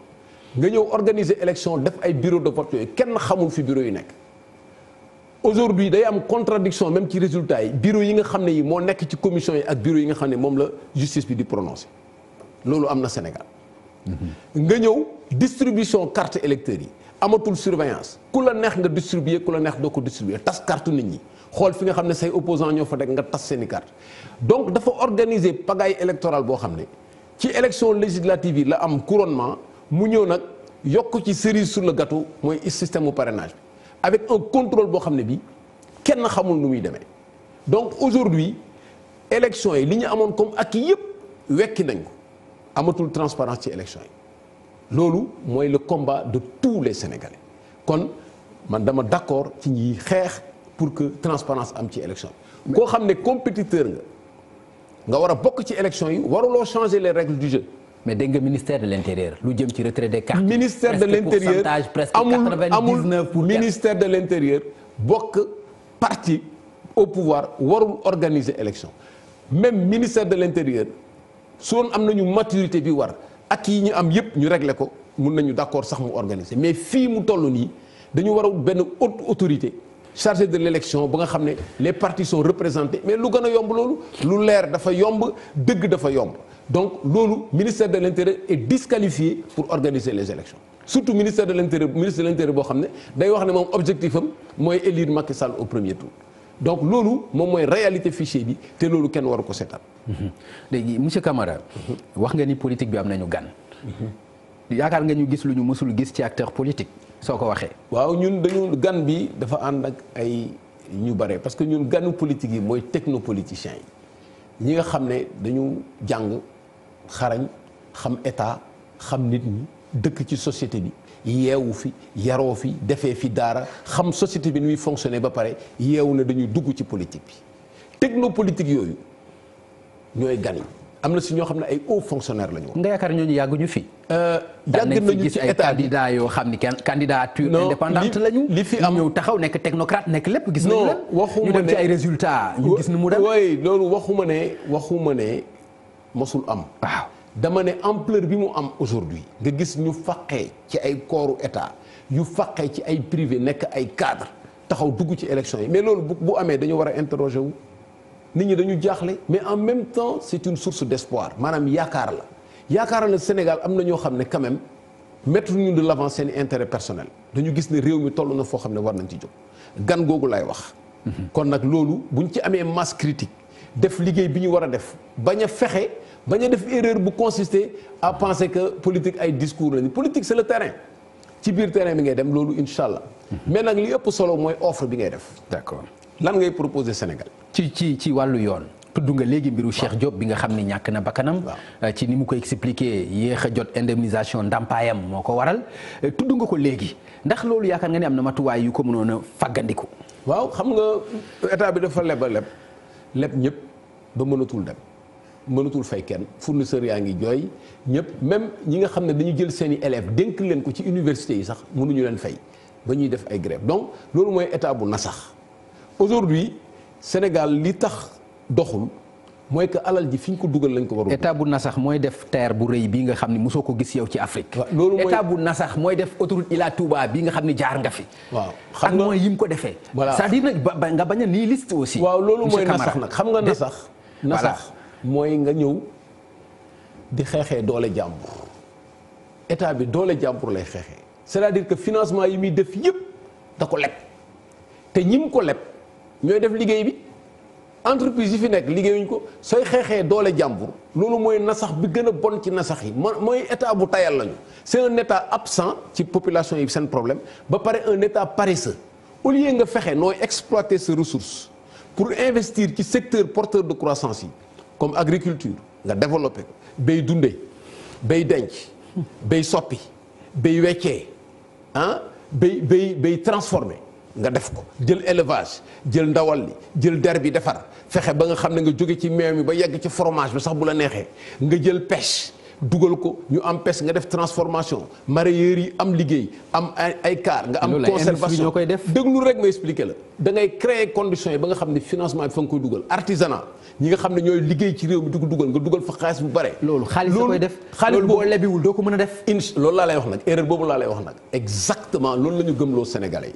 nga ñëw organiser élection def ay bureau de vote yooyu kenn xamul fi bureau Aujourd'hui, il y a am contradiction même ci résultat yi bureau yi nga xam ne yi moo la ci commission yi ak bureau yi nga c'est ne moom la justice bi di prononcer loolu am na Sénégal mhm. nga ñëw distribution carte a yi de surveillance Tout la neex nga distribuer tout la neex doo ko distribuer tas carte nit ñi cartes. fi nga xam ne say opposants ñoo fa rek nga tas seeni carte donc dafa organiser pagaille électorale boo xam ne ci élection législative yi la am couronnement mu ñëw nag yokk ci sur le gâteau mooy système de parrainage avec un contrôle boo xam ne bi kenn nous nu muy demee donc aujourd'hui élection yi li ñu amoon comme ak yëpp wekki nañ ko amatul transparence ci élection yi lolo mooy le combat de tous les sénégalais kon man d'accord ci n'y xeex pour que transparence am ci élection bi koo compétiteur nga nga war a bokk ci élection yi changer les règles du jeu mais dégg nga ministère de l'Intérieur, le lu jëm ci retrait des cartes. ministère de l'Intérieur, presque 99%. amul ministère de l'Intérieur, intérieur parti au pouvoir warul organiser élection même ministère de l'Intérieur, si on a une maturité bi war ak yi ñu am yëpp ñu régler ko mun nañu organiser mais si mu sommes nii dañu autre haute autorité. chargée de l'élection ba nga les partis sont représentés mais lu gën a yomb loolu lu leer dafa yomb dëgg dafa yomb donc loolu ministère de l'intérieur est disqualifié pour organiser les élections surtout ministère de l'intérieur ministre de l'intérieur boo xam day wax ne moom objectif am élire Macky Sall au premier tour donc loolu moom mooy réalité fichier bi te loolu kenn waru ko seetaan. Mm-hmm. léegi monsieur Camara. Mm-hmm. wax nga ni politique bi am nañu gan.
Mm-hmm.
yaakaar nga ñu gis lu ñu mësul gis ci acteur politique soo ko waxee. waaw ñun dañu gan bi dafa ànd ak ay ñu parce que ñun ganu politique yi mooy technopoliticiens yi ñi nga xam ne dañu jàng. xarañ xam état xam nit ñi dëkk ci société bi yeewu fi yaroo fi defee fi daara xam société bi nuy fonctionner ba pare yeewu na dañuy dugg ci politique bi technopolitique yooyu ñooy gan yi am na si ñoo xam ne ay hauts fonctionnaires la ñu wax. nga yaakaar ñooñu yàgguñu fi. Euh, yàgg nañu ci état bi candidat yoo xam ni kenn candidature indépendante lañu. li fi am ñëw taxaw nekk technocrate nekk lépp gis nañu la. non ñu dem ci ay résultats. ñu gis ni mu dem. oui loolu waxuma ne waxuma ne Monsoul am. dama ne ampleur bi am aujourd'hui nga gis ñu faqé ci ay corps état yu faqé ci ay privé nek ay cadre taxaw dugg ci élection mais sont bu amé dañu wara nit mais en même temps c'est une source d'espoir Madame Yakarla, la yakar Sénégal am na quand même mettre ñu de l'avant intérêt personnel dañu gis ne réew mi tollu na fo xamné war nañ ci gan lay wax. Mhm. kon critique def liggéey bi ñu war a def bañ a fexe bañ a def erreur bu consister à penser que politique ay discours lañu politique c'est le terrain ci biir terrain bi ngay dem loolu incha allah mhm. mais nag li ëpp solo mooy offre bi ngay def. d'accord lan ngay proposer Sénégal. ci ci ci wàllu yoon. tudd nga léegi mbiru Cheikh Diop bi nga xam ni ñàkk na bakkanam euh, ci ni mu ko expliqué yéex a jot indemnisation ndàmpaayam moo ko waral euh, tudd nga ko léegi ndax loolu yaakaar nga ne am na matuwaay yu ko mënoon a waaw xam nga état bi dafa leb leb ñëpp ba mënatul dem mënatul fay kenn fournisseur yaa ngi jooy ñëpp même ñi nga xam ne dañu jël seeni élèves dénk leen ko ci université yi sax mënuñu leen fay ba ñuy def ay grève donc loolu mooy état bu nasax aujourd'hui Sénégal li tax doxul mooy que alal ji fi ñu ko dugal lañ ko war état bu nasax mooy def terre bu rëy bi nga xam ne mosoo ko gis yow ci Afrique état bu nasax mooy def autoroute Ila Touba bi nga xam ne jaar nga fi waaw ak mooy yi mu ko defee c'est-à-dire nag nga bañ a nii liste aussi waaw loolu mooy nasax nag xam nga nasax nasax mooy nga ñëw di xeexee doole jàmbur état bi doole jàmbur lay xeexee c'est-à-dire que financement yi muy def yëpp da ko leb te ñim ko leb ñooy def liggéey bi entreprise yi fi nek liggéeyuñ ko soy xeexee doole jàmbur lolu moy nasax bi gën a bon ci nasax yi moy état bu tayal lañu c'est un état absent ci population yi sen problème ba parer un état paresseux au lieu nga fexe nooy exploiter ses ressources pour investir ci secteur porteur de croissance yi comme agriculture nga développer bay dundé bay denc bay soppi bay weccee hein bay bay bay transformer nga def ko jël élevage jël ndawal li jël der bi defar fexe ba nga xam ne nga jóge ci meew mi ba yegg ci fromage bi sax bu la neexee nga jël pêche dugal ko ñu am pêche nga def transformation mareyeurs yi am liggéey am ay car nga am conservation ñoo koy def déglu rek ma expliqué la da ngay créer conditions yi ba nga xam ne financement bi fa nga koy dugal artisanat ñi nga xam ne ñooy liggéey ci réew mi di ko dugal nga dugal fa xaalis bu bare loolu xaalis koy def xaalis boo lebiwul doo ko mën a def inch loolu laa lay wax nag erreur boobu laa lay wax nag exactement loolu la ñu gëmloo sénégalais yi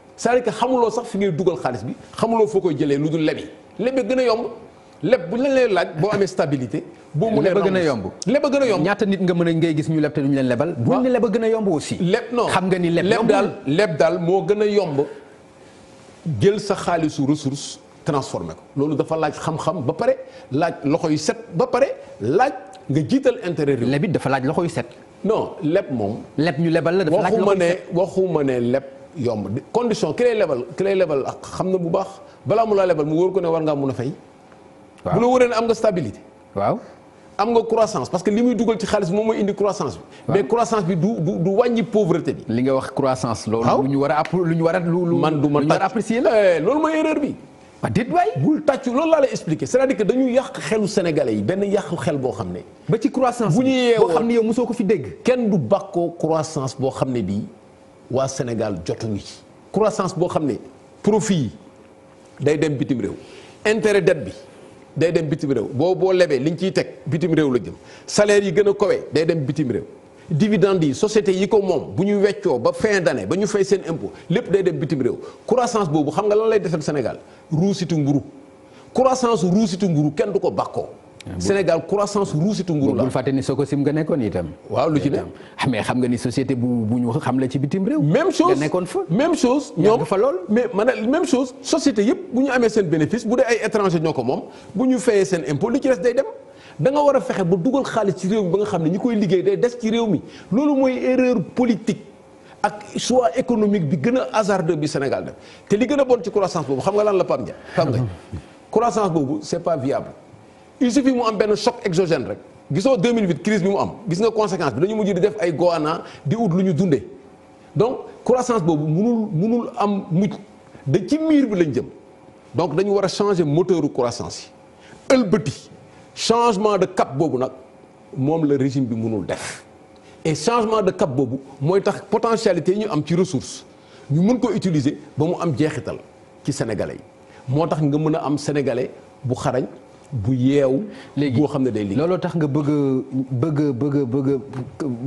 سالك خملو صح في غير sax خالص بي خملو فوكو bi xamuloo لبي لبي غنا يوم لب بو لين gën لاج بو امي ستابيليتي بو مو laaj غنا يوم stabilité. غنا يوم نياتا نيت nga meuna ngay gis ñu leb te duñu leen lebal. bu ñu leb gëna yomb aussi. leb non xam nga ni leb leb daal leb daal moo gën yomb jël sa xaalisu ressources transformer ko lolu dafa laaj xam-xam ba pare laaj loxo yu set ba pare laaj nga jiital intérêt rew lebi dafa laaj loxo yu set. non leb mom leb ñu lebal la dafa laaj waxuma ne waxuma ne leb. yomb condition ki lay lebal ki lay lebal xam na bu baax balaa mu laa lebal mu wóor ko ne war ngaa mun a fay. waaw bu la wóoree ne am nga stabilité. waaw am nga croissance parce que li muy dugal ci xaalis moom mooy indi croissance bi. mais croissance bi du du du wàññi pauvreté bi. li nga wax croissance. loolu lu ñu war a lu ñu war a lu ma tàcc apprécier la eh, loolu mooy erreur bi. ah déet waay bul tàccu loolu laa lay expliqué cest dañu yàq xelu sénégale yi benn yàqu xel boo xam ne. ba ci croissance bu ñu yeewoo boo xam ne yow mosoo ko fi dégg. kenn du bàkkoo croissance boo xam ne bii. wa Sénégal jotuñu ci croissance bo xamné profit day dem bitim rew intérêt dette bi day dem bitim rew bo bo lebee liñ ciy tek bitim rew la jëm salaire yi gëna a kawe day dem bitim rew dividende yi société yi ko mom buñu wéccio ba fin d'année bañu fay seen impôt lepp day dem bitim rew croissance bobu xam nga lan lay defal Sénégal ruusitu nguru croissance ruusitu nguru kenn duko bako ah, Sénégal croissance rousse c'est la. Ah, mais xam nga société bu xam la ci bitim même chose même chose mais même chose société vous avez bénéfice bu vous ay étranger vous avez fait un des day dem. da nga des erreur politique ak économique bi le a hasardeux bi Sénégal croissance xam la croissance ce c'est pas viable il suffit mu am ben choc exogène rek gisoo 2008 crise bi mu am gis nga conséquence bi dañu mujj di def ay goana di ut luñu dundé donc croissance bobu mënul mënul am mujj de ci mur bi lañ jëm donc dañu wara changer moteur croissance yi ëlbëti changement de cap bobu nak mom le régime bi mënul def et changement de cap bobu moy tax potentialité ñu am ci ressource ñu mën ko utiliser ba mu am jéxital ci sénégalais motax nga mëna am sénégalais bu xarañ bu yeew. léegi boo xam ne day liggéey looloo tax nga bëgg bëgg bëgg bëgg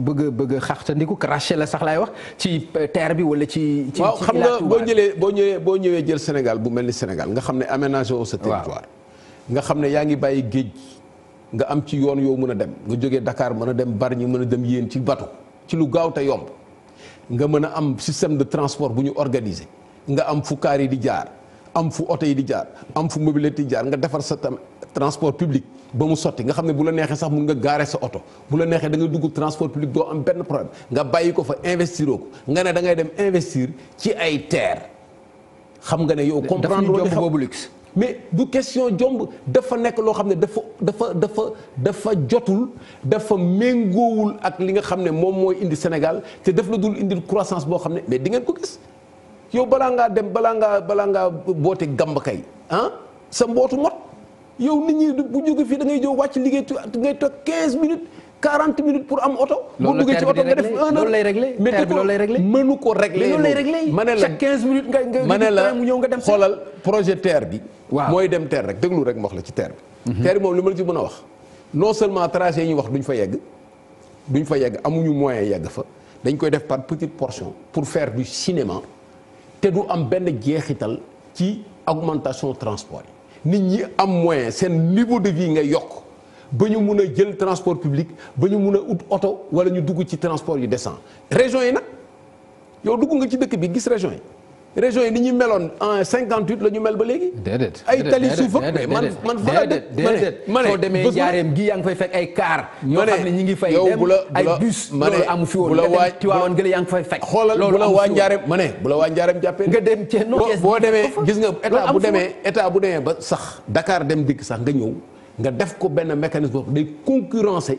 bëgg bëgg a xaxtandiku la sax laay wax ci euh, terre bi wala ci. ci waaw xam boo jëlee boo ñëwee boo ñëwee jël Sénégal bu mel ni Sénégal nga xam ne aménagé wu sa territoire. nga xam ne yaa ngi bàyyi géej nga am ci yoon yow mën a dem nga jógee dakaar mën a dem bari Bargny mën a dem yéen ci batu ci lu gaaw te yomb nga mën a am système de transport bu ñu organisé nga am fu kaar yi di jaar am fu oto yi di jaar am fu mobilité di jaar nga defar sa tam transport public ba mu sotti nga xam ne bu la neexee sax mun nga gaare sa oto bu la neexee da nga dugg transport public doo am benn problème nga bàyyi ko fa investiroo ko nga ne dangay dem investir ci ay terre xam nga ne yow comprendre boobu luxe mais bu question jomb dafa nekk loo xam ne dafa dafa dafa dafa jotul dafa méngoowul ak li nga xam ne moom mooy indi Sénégal te def la dul indil croissance boo xam ne mais di ngeen ko gis yow balaa ngaa dem balaa ngaa balaa ngaa boote gàmb kay ah sa mbootu mot yow nit ñi bu jóge fii da ngay jóg wàcc liggéey ngay toog 15 minutes 40 minutes pour am oto. boo duggee ci oto nga def un an loolu lay réglé terre bi loolu mënu ko réglé. loolu lay réglé nga nga ma ne la nga dem xoolal projet terre bi. waaw mooy dem terre rek déglu rek moo wax la ci terre bi. Mhm. terre bi moom li ma la ci mën a wax non seulement tracé yi ñu wax duñ fa yegg duñ fa yegg amuñu moyen yegg fa dañ koy def par petite portion pour faire du cinéma te du am benn jeexital ci augmentation transport yi. nit ñi am moyen sen niveau de vie nga yok ba ñu mun jël transport public ba ñu mun a ut wala ñu dugg ci transport yu descend région yi nag yow dugg nga ci dëkk bi gis région yi région yi ni ñu meloon en 58 la ñu mel ba léegi.
déedéet ay tali suuf ak man man fa la dëkk. déedéet soo demee jaareem
gi yaa ngi fay fekk ay car. ñoo xam ne ñu ngi fay dem ay bus. ma ne amu fi woon bu la waa Tiwaawan gële yaa ngi fay fekk. xoolal bu la waa Njaareem ma ne bu la waa Njaareem jàppee. nga dem cee noo boo demee gis nga état bu demee état bu demee ba sax Dakar dem dikk sax nga ñëw nga def ko benn mécanisme boobu day concurrencer.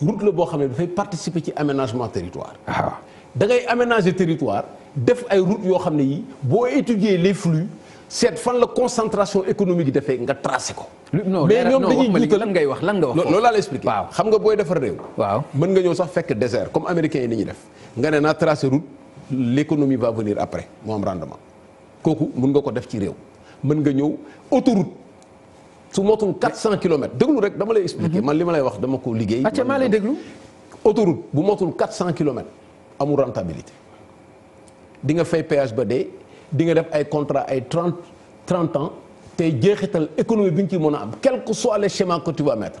route le boo xam ne dafay participer ci aménagement territoire. waaw ah. da ngay aménager territoire def ay route yo xamné yi bo étudier les flux seet fan la concentration économique yi defee nga tracé ko. mais ñom dañuy jiital lan ngay wax lan nga wax. loolu la expliquer xam nga boy defal rew waaw mën nga ñëw sax fekk désert comme américain yi ni def nga né na tracé route l'économie va venir après mo am rendement koku mën nga ko def ci rew mën nga ñëw autoroute su motul 400 km. déglu rek dama lay expliquer mhm. man limalay wax dama ko liguey. acca ma lay déglu. autoroute bu motul 400 km amu rentabilité di nga fay péage ba dé, di nga def ay contrat ay 30 30 ans té jeexital économie biñ ci mën am quel que soit les schémas que tu vas mettre.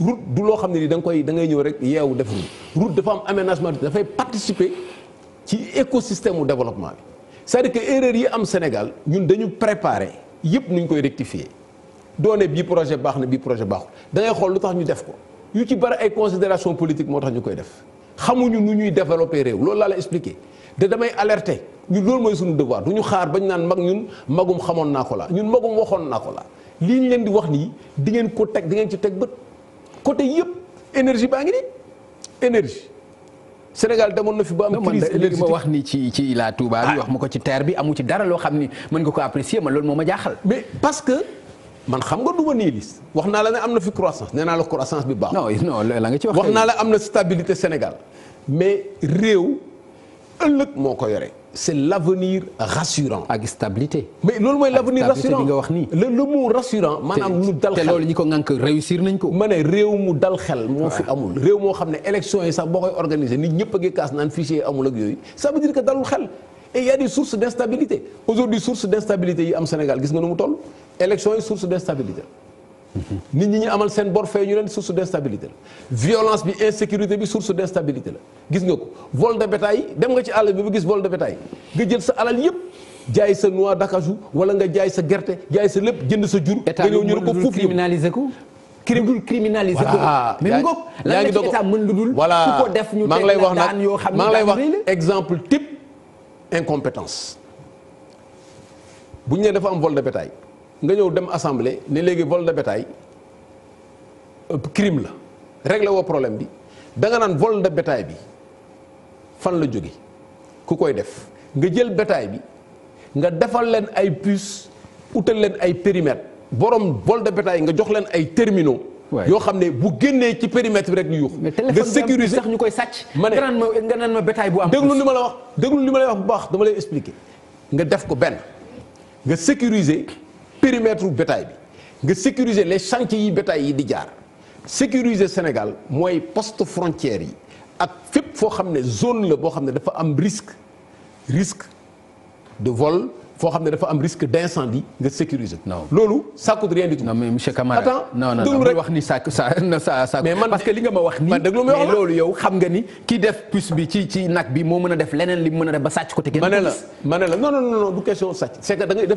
route du lo xam ni da nga koy da ngay ñëw rek yew def route dafa am aménagement da fay participer ci écosystème développement bi c'est-à-dire que erreur yi am Sénégal ñun dañu préparer yépp nuñ koy rectifier doone bi projet baax na bii projet bax da ngay xol lutax ñu def ko yu ci bari ay considération politique moo tax ñu koy def xamuñu nu ñuy développer réew loolu la la expliquer de damay alerter ñun loolu mooy suñu devoir du ñu xaar bañ naan mag ñun magum xamoon naa ko la ñun magum waxoon naa ko la lii ñu leen di wax nii di ngeen ko teg di ngeen ci teg bët. côté yëpp énergie baa ngi nii énergie. Sénégal demoon na fi ba am crise léegi ma wax ni ci ci laa Touba bi ah. wax ma ko ci terre bi amu ci dara loo xam ni mën nga ko apprécier ma lool moo ma jaaxal. mais parce que man xam nga duma nii liste wax naa la ne am na fi croissance nee naa la croissance bi baax. non non la nga ci wax. naa la am na stabilité Sénégal mais réew ëllëg moo ko yore. c'est l'avenir rassurant. ak stabilité. mais loolu mooy l'avenir rassurant le mot rassurant. maanaam mu dal xel te loolu ñi ko ŋànk réussir nañ ko. ma ne réew mu dal xel. moo fi amul réew moo xam ne élection yi sax boo organiser nit ñëpp a kaas naan fichier amul ak yooyu ça veut dire que dalul xel. et y a des sources d'instabilité aujourd'hui source d'instabilité yi am Sénégal gis nga nu mu toll élection yi source d'instabilité nit ñi amal seen bor fay ñu leen source d'instabilité la. violence bi insécurité bi source d'instabilité la gis nga ko vol de bétail dem nga ci àll bi ba gis vol de bétail nga jël sa alal yëpp jaay sa noix d'acajou wala nga jaay sa gerte jaay sa lépp jënd sa jur. nga ñëw ñu ko foofu criminaliser ko. crime criminaliser criminaliser ko mais mu ngoog lan la ci état mën lu dul. voilà ku ko def ñu teg wax daan yoo xam ne lay wax exemple type incompétence bu ñu dafa am vol de bétail nga ñëw dem assemblée ne léegi vol de bétail euh, crime la régler woo problème bi da nga naan vol de bétail bi fan la jóge ku koy def nga jël bétail bi nga defal leen ay puces utal leen ay périmètre borom vol de bétail nga jox leen ay terminaux. yoo xam ne bu génnee ci périmètre bi rek ñu yux nga sécuriser sax ñu koy sàcc. ma ne nga naan ma bétail bu am. déglu li ma la wax déglu li ma lay wax bu baax dama lay expliquer nga def ko benn nga sécuriser périmètre bétail bi nga sécuriser les chantiers de bétail yi sécuriser Sénégal moyen poste frontière yi ak les zones zone risque risque de vol foo risque d'incendie, de sécuriser. non ça coûte rien du tout. non mais M. Kamara, attends non non non ça que non non non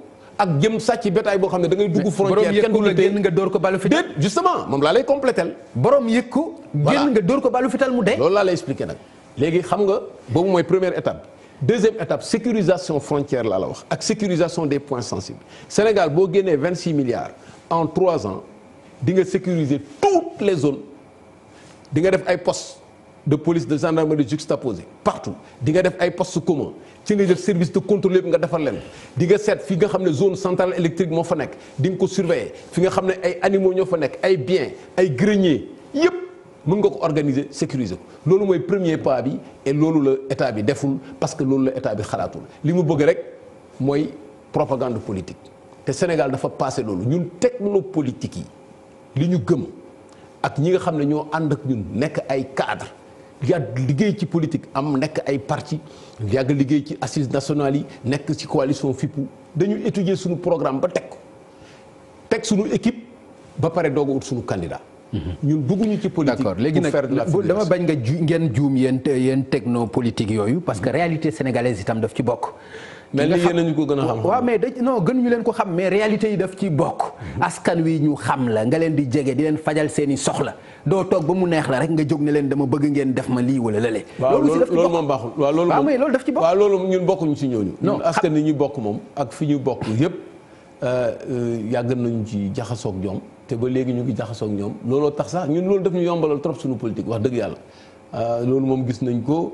ak jëm sàcc bétail boo xam ne da ngay dugg frontière kenn du la génn nga dóor ko balu fital déet justement moom laa lay complétel borom yeku ko génn nga dóor ko balu fital mu dee loolu laa lay expliqué nag léegi xam nga première étape deuxième étape sécurisation frontière la wax ak sécurisation des points sensibles Sénégal boo génnee 26 milliards en 3 ans di nga sécuriser toutes les zones di nga def ay postes de police de gendarmerie juxtaposés partout di nga def ay postes communs ci nga service de contrôle yëpp nga defar leen di nga set fi nga zone centrale électrique mo fa nek di nga ko surveiller fi nga xamné ay animaux ño fa nek ay biens ay greniers yépp mën nga ko organiser sécuriser lolu moy premier pas bi et lolu le état bi deful parce que lolu le état bi xalaatul limu bëgg rek moy propagande politique té Sénégal dafa passer lolu ñun technopolitique yi li ñu gëm ak ñi nga xamné ño and ak ñun nek ay cadre yàgg liggéey ci politique am nekk ay parti yàgg liggéey ci assises nationales yi nekk ci coalition fippu dañu étudier suñu programme ba teg ko teg suñu équipe ba pare doog a ut suñu candidat. Mhm. ñun ñu ci politique. d'accord léegi nag dama bañ nga ju ngeen juum yéen yéen techno politique yooyu parce que mhm. réalité sénégalaise itam daf ci bokk. mais li yéen ñu ko gën a xam waa mais dañ non gën leen ko xam mais réalité yi daf ci bokk askan wi ñu xam la nga leen di jege di leen fajal seen i soxla doo toog ba mu neex la rek nga jóg ne leen dama bëgg ngeen def ma lii wala lële loolu moom baaxul waaw loolu moom loolu daf ci bokk waaw loolu ñun bokkuñu si ñooñu non askan yi ñu bokk moom ak fi ñu bokk yépp euh, euh, yàgg nañu ci jaxasoog ñoom te ba léegi ñu ngi jaxasoog ñoom looloo tax sax ñun loolu daf ñu yombalal trop suñu politique wax dëgg yàlla euh, loolu moom gis nañ ko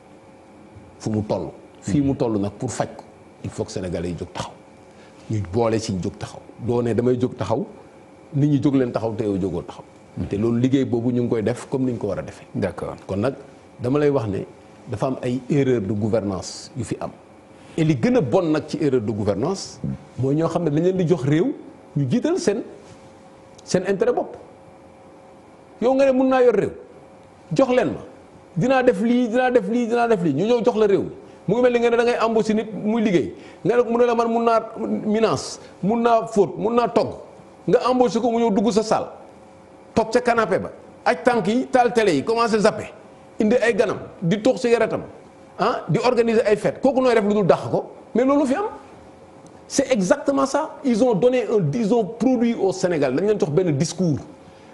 fu mu toll. fii mu toll nag pour faj ko il faut que ay jóg taxaw ñu boole ci jóg taxaw doo ne damay jóg taxaw nit ñi jóg leen taxaw te yow jógoo taxaw. te loolu liggéey boobu ñu ngi koy def comme ni ñu ko war a defee. d'accord kon nag dama lay wax ne dafa am ay erreur de gouvernance yu fi am et li gën a bon nag ci erreur de gouvernance mooy ñoo xam ne dañ leen di jox réew ñu jiital seen seen intérêt bopp yow nga ne mun naa yor réew jox leen ma. dinaa def lii dinaa def lii dinaa def lii ñu ñëw jox la réew mu ngi mel ni nga ne da ngay embauché nit muy liggéey nga ne mu na la man mun naa minance mun naa fóot mun naa togg nga embauché ko mu ñëw dugg sa saal toog ca kanaape ba aj tànk yi taal télé yi commencé zappé indi ay ganam di toog cigarettam ah di organiser ay fet kooku nooy def lu dul dàq ko mais loolu fi am c'est exactement ça ils ont donné un ils ont produit au Sénégal dañ leen jox benn discours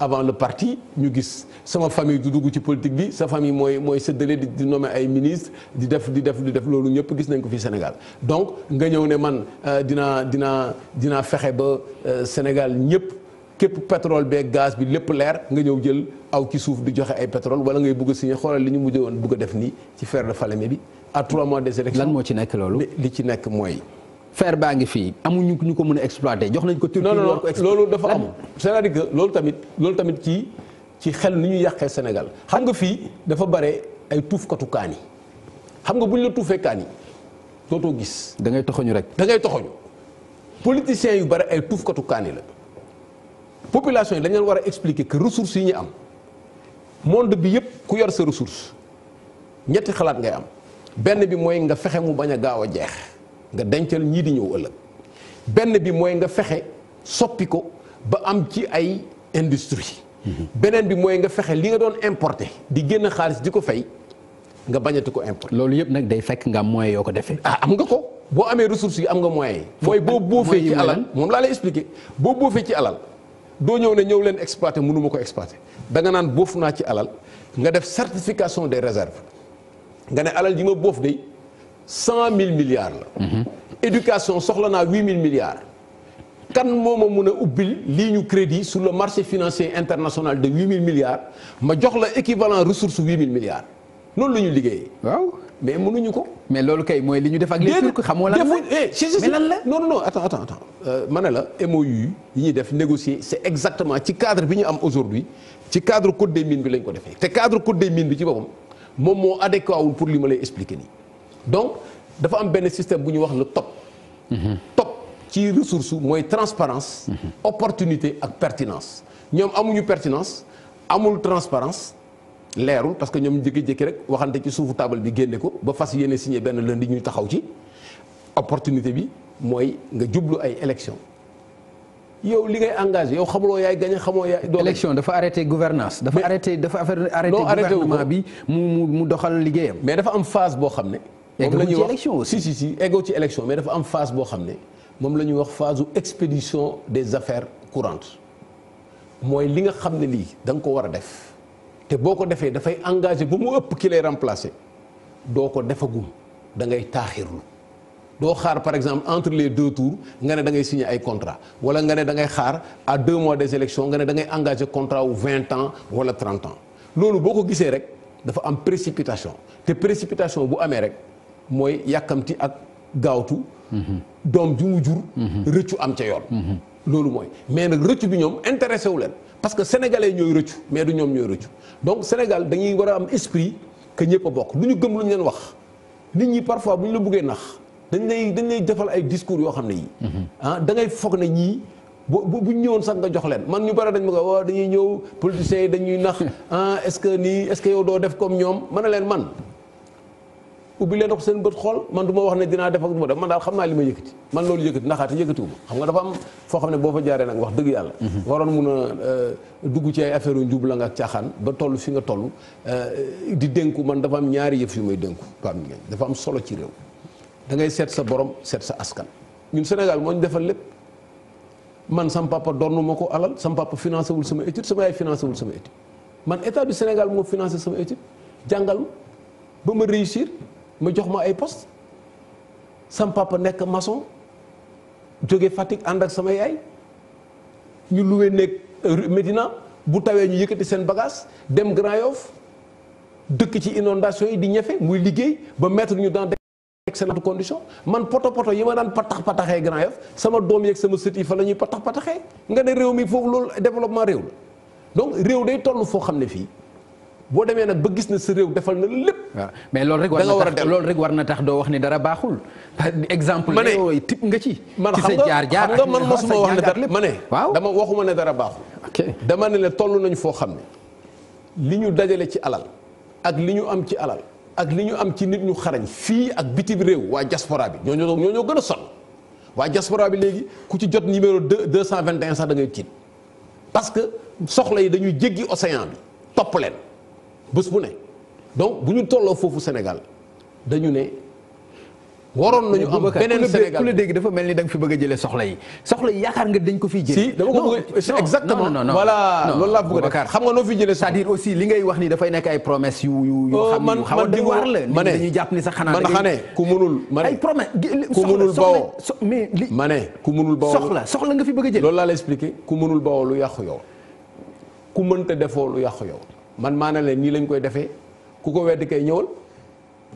avant le parti ñu gis sama famille du dugg ci politique bi sa famille mooy mooy séddale di di nommer ay ministre di def di def di def loolu ñëpp gis nañ ko fi Sénégal donc nga ñëw ne man euh, d'ina d'ina d'ina fexe ba euh, Sénégal ñëpp képp pétrole beeg gaz bi lépp leer nga ñëw jël aw ci suuf di joxe ay pétrole wala ngay bëgg a signé xoolal li ñu mujj woon bëgg a def nii ci faire de Falémé bi à trois mois des élections lan moo ci nekk loolu li ci nekk mooy fer baa ngi fii amuñu ñu ko mën a exploité jox nañ ko. Turquie non non loolu dafa am c'est-à-dire que loolu tamit loolu tamit ci ci xel ñu yàqee Sénégal xam nga fii dafa bare ay tuufkatu kaani xam nga buñ la tuufee kaani dootoo gis. da ngay toxoñu rek. da ngay toxoñu politiciens yu bare ay tuufkatu kaani la population yi dañ leen war a expliquer que ressources yi ñu am monde bi yëpp ku yor sa ressource ñetti xalaat ngay am benn bi mooy nga fexe mu bañ a jeex. nga dencal ñii di ñëw ëllëg benn bi mooy nga fexe soppi ko ba am ci ay industrie mhm. beneen bi mooy nga fexe li nga doon importer di génn xaalis di ko fay nga bañati ko importer. loolu yëpp nag day fekk nga am yoo ko defee. ah am nga ko boo amee ressources yi am nga moyen yi. mooy boo buufee ci alal moom laa lay expliquer boo buufee ci alal. doo ñëw ne ñëw leen exploité mënu ko exploité danga naan boof naa ci alal nga def certification des réserves nga ne alal ji ma boof de 100 000 milliards. Éducation, mm -hmm. 8 000 milliards. Quand moi, je suis oublié crédit sur le marché financier international de 8 000 milliards, je suis l'équivalent de ressources de 8 000 milliards. Non, nous sommes les eh, Mais nous sommes les Mais nous sommes Mais nous sommes les Turcs. Mais nous sommes Mais Non, non, non, attends, attends. attends. Euh, Manela, MOU, nous avons négocier. c'est exactement ce cadre que nous aujourd'hui, ce cadre code des mines. Ce cadre code des mines, c'est adéquat pour ce que je expliquer expliquer donc dafa am benn système bu wax le top. Mhm. top ci ressource mooy transparence mhm. opportunité ak pertinence ñoom amuñu pertinence amul transparence leerul parce que ñoom jékki-jékki rek waxante ci suufu table bi génne ko ba fas yéene signé benn lundi ñuy taxaw ci opportunité bi moy nga djublu ay élection yow li ngay engagé yow xamlo yaay gagner xamoo yaay. doo élection dafa arrêté gouvernance dafa arrêté dafa affaire arrêté gouvernement bi mu mu doxal liggéeyam. mais dafa am phase bo xamné moom la ñuy wax si si si eggoo ci élection mais dafa am phase boo xam ne moom la ñuy wax phase u expédition des affaires courantes mooy li nga xam ne lii da nga ko war a def te boo ko defee dafay engagé bu mu ëpp ki lay remplacer doo ko defagum da ngay taaxirlu doo xaar par exemple entre les deux tours nga ne da ngay signer ay contrat wala nga ne da ngay xaar à deux mois des élections nga ne da ngay engagé contrat ou vingt ans wala trente ans loolu boo ko gisee rek dafa am précipitation te précipitation bu amee rek moy yakamti ak gaawtu dom ju mu jur rëccu am ca yoon loolu moy mais nak reccu bi ñom intéressé wu len parce que sénégalais ñoy reccu mais du ñom ñoy reccu donc Sénégal dañuy wara am esprit que ñepp bok duñu gëm luñu len wax nit ñi parfois buñ la buggee nax dañ lay dañ lay defal ay discours yo xamné yi ah da ngay foog ne ñii bu bu sax nga jox len man ñu bari dañ ma ko waaw dañuy ñëw politiciens dañuy nax ah est-ce que ni est-ce que yow do def comme ñom mën na man ubbile ndox seen bët xool man du ma wax ne dinaa def ak du def man daal xam naa li man loolu yëkkati naxaate yëkkatiwuma xam nga dafa am foo xam ne fa jaaree nag wax dëgg yàlla mhm. waroon mun a euh, dugg ci ay nga ba fi nga euh, di dénku man dafa am ñaari yëf yu may dénku Pape Ndiaye dafa am solo ci réew da ngay seet sa borom sa askan ñun Sénégal defal man sam papa ko alal sam papa financé wul sama étude sama yaay financé wul sama étude man état du Sénégal moo financé sama étude jàngal ba réussir ma jox ma ay post sam papa nekk maçon jóge Fatick ànd ak sama yaay ñu luwee nekk euh, Médina bu tawee ñu yëkkati seen bagage dem Grand Yoff dëkk ci inondation yi di ñefe muy liggéey ba mettre ñu daan dans d'excellentes condition man poto poto yi ma daan patax pataxee Grand Yoff sama doom yeeg sama sët yi fa la ñuy patax pataxee nga ne réew mi foofu loolu développement réew la donc réew day toll foo xam ne fii boo demee nag ba gis na sa réew defal na lépp. waaw mais loolu rek war na tax loolu war na tax doo wax ni dara baaxul. exemple la yooyu tip nga ci. man xam nga xam nga man mosuma wax ne dara ma ne. waaw dama waxuma ne dara baaxul. ok dama ne la toll nañu foo xam ne li ñu dajale ci alal ak li ñu am ci alal ak li ñu am ci nit ñu xarañ fii ak bitim réew waa diaspora bi ñoo ñoo ñoo gën a sol waa diaspora bi léegi ku ci jot numéro deux deux cent vingt et un sax da ngay tiit parce que soxla yi dañuy jéggi océan bi topp leen. bés bu ne donc bu ñu tolloo foofu Sénégal dañu ne waroon nañu am beneen Sénégal ku la dégg dafa mel ni da fi bëgg a jëlee soxla yi soxla yi yaakaar nga dañ ko fiy jëlee. si dama ko bëgg exactement voilà loolu laa bëgg a def xam nga noo fi jëlee cest à aussi li ngay wax ni dafay nekk ay promesse yu yu yu oh, xam a doy waar la ma ne ni sax xanaa man ku mënul ma ne ay promesse ku mënul bawoo ma ne ku mënul bawoo soxla nga fi bëgg a jëlee loolu laa la expliqué ku mënul bawoo lu yàqu yow ku mënta defoo lu yàqu yow man maa ne lañ koy défé kuko kay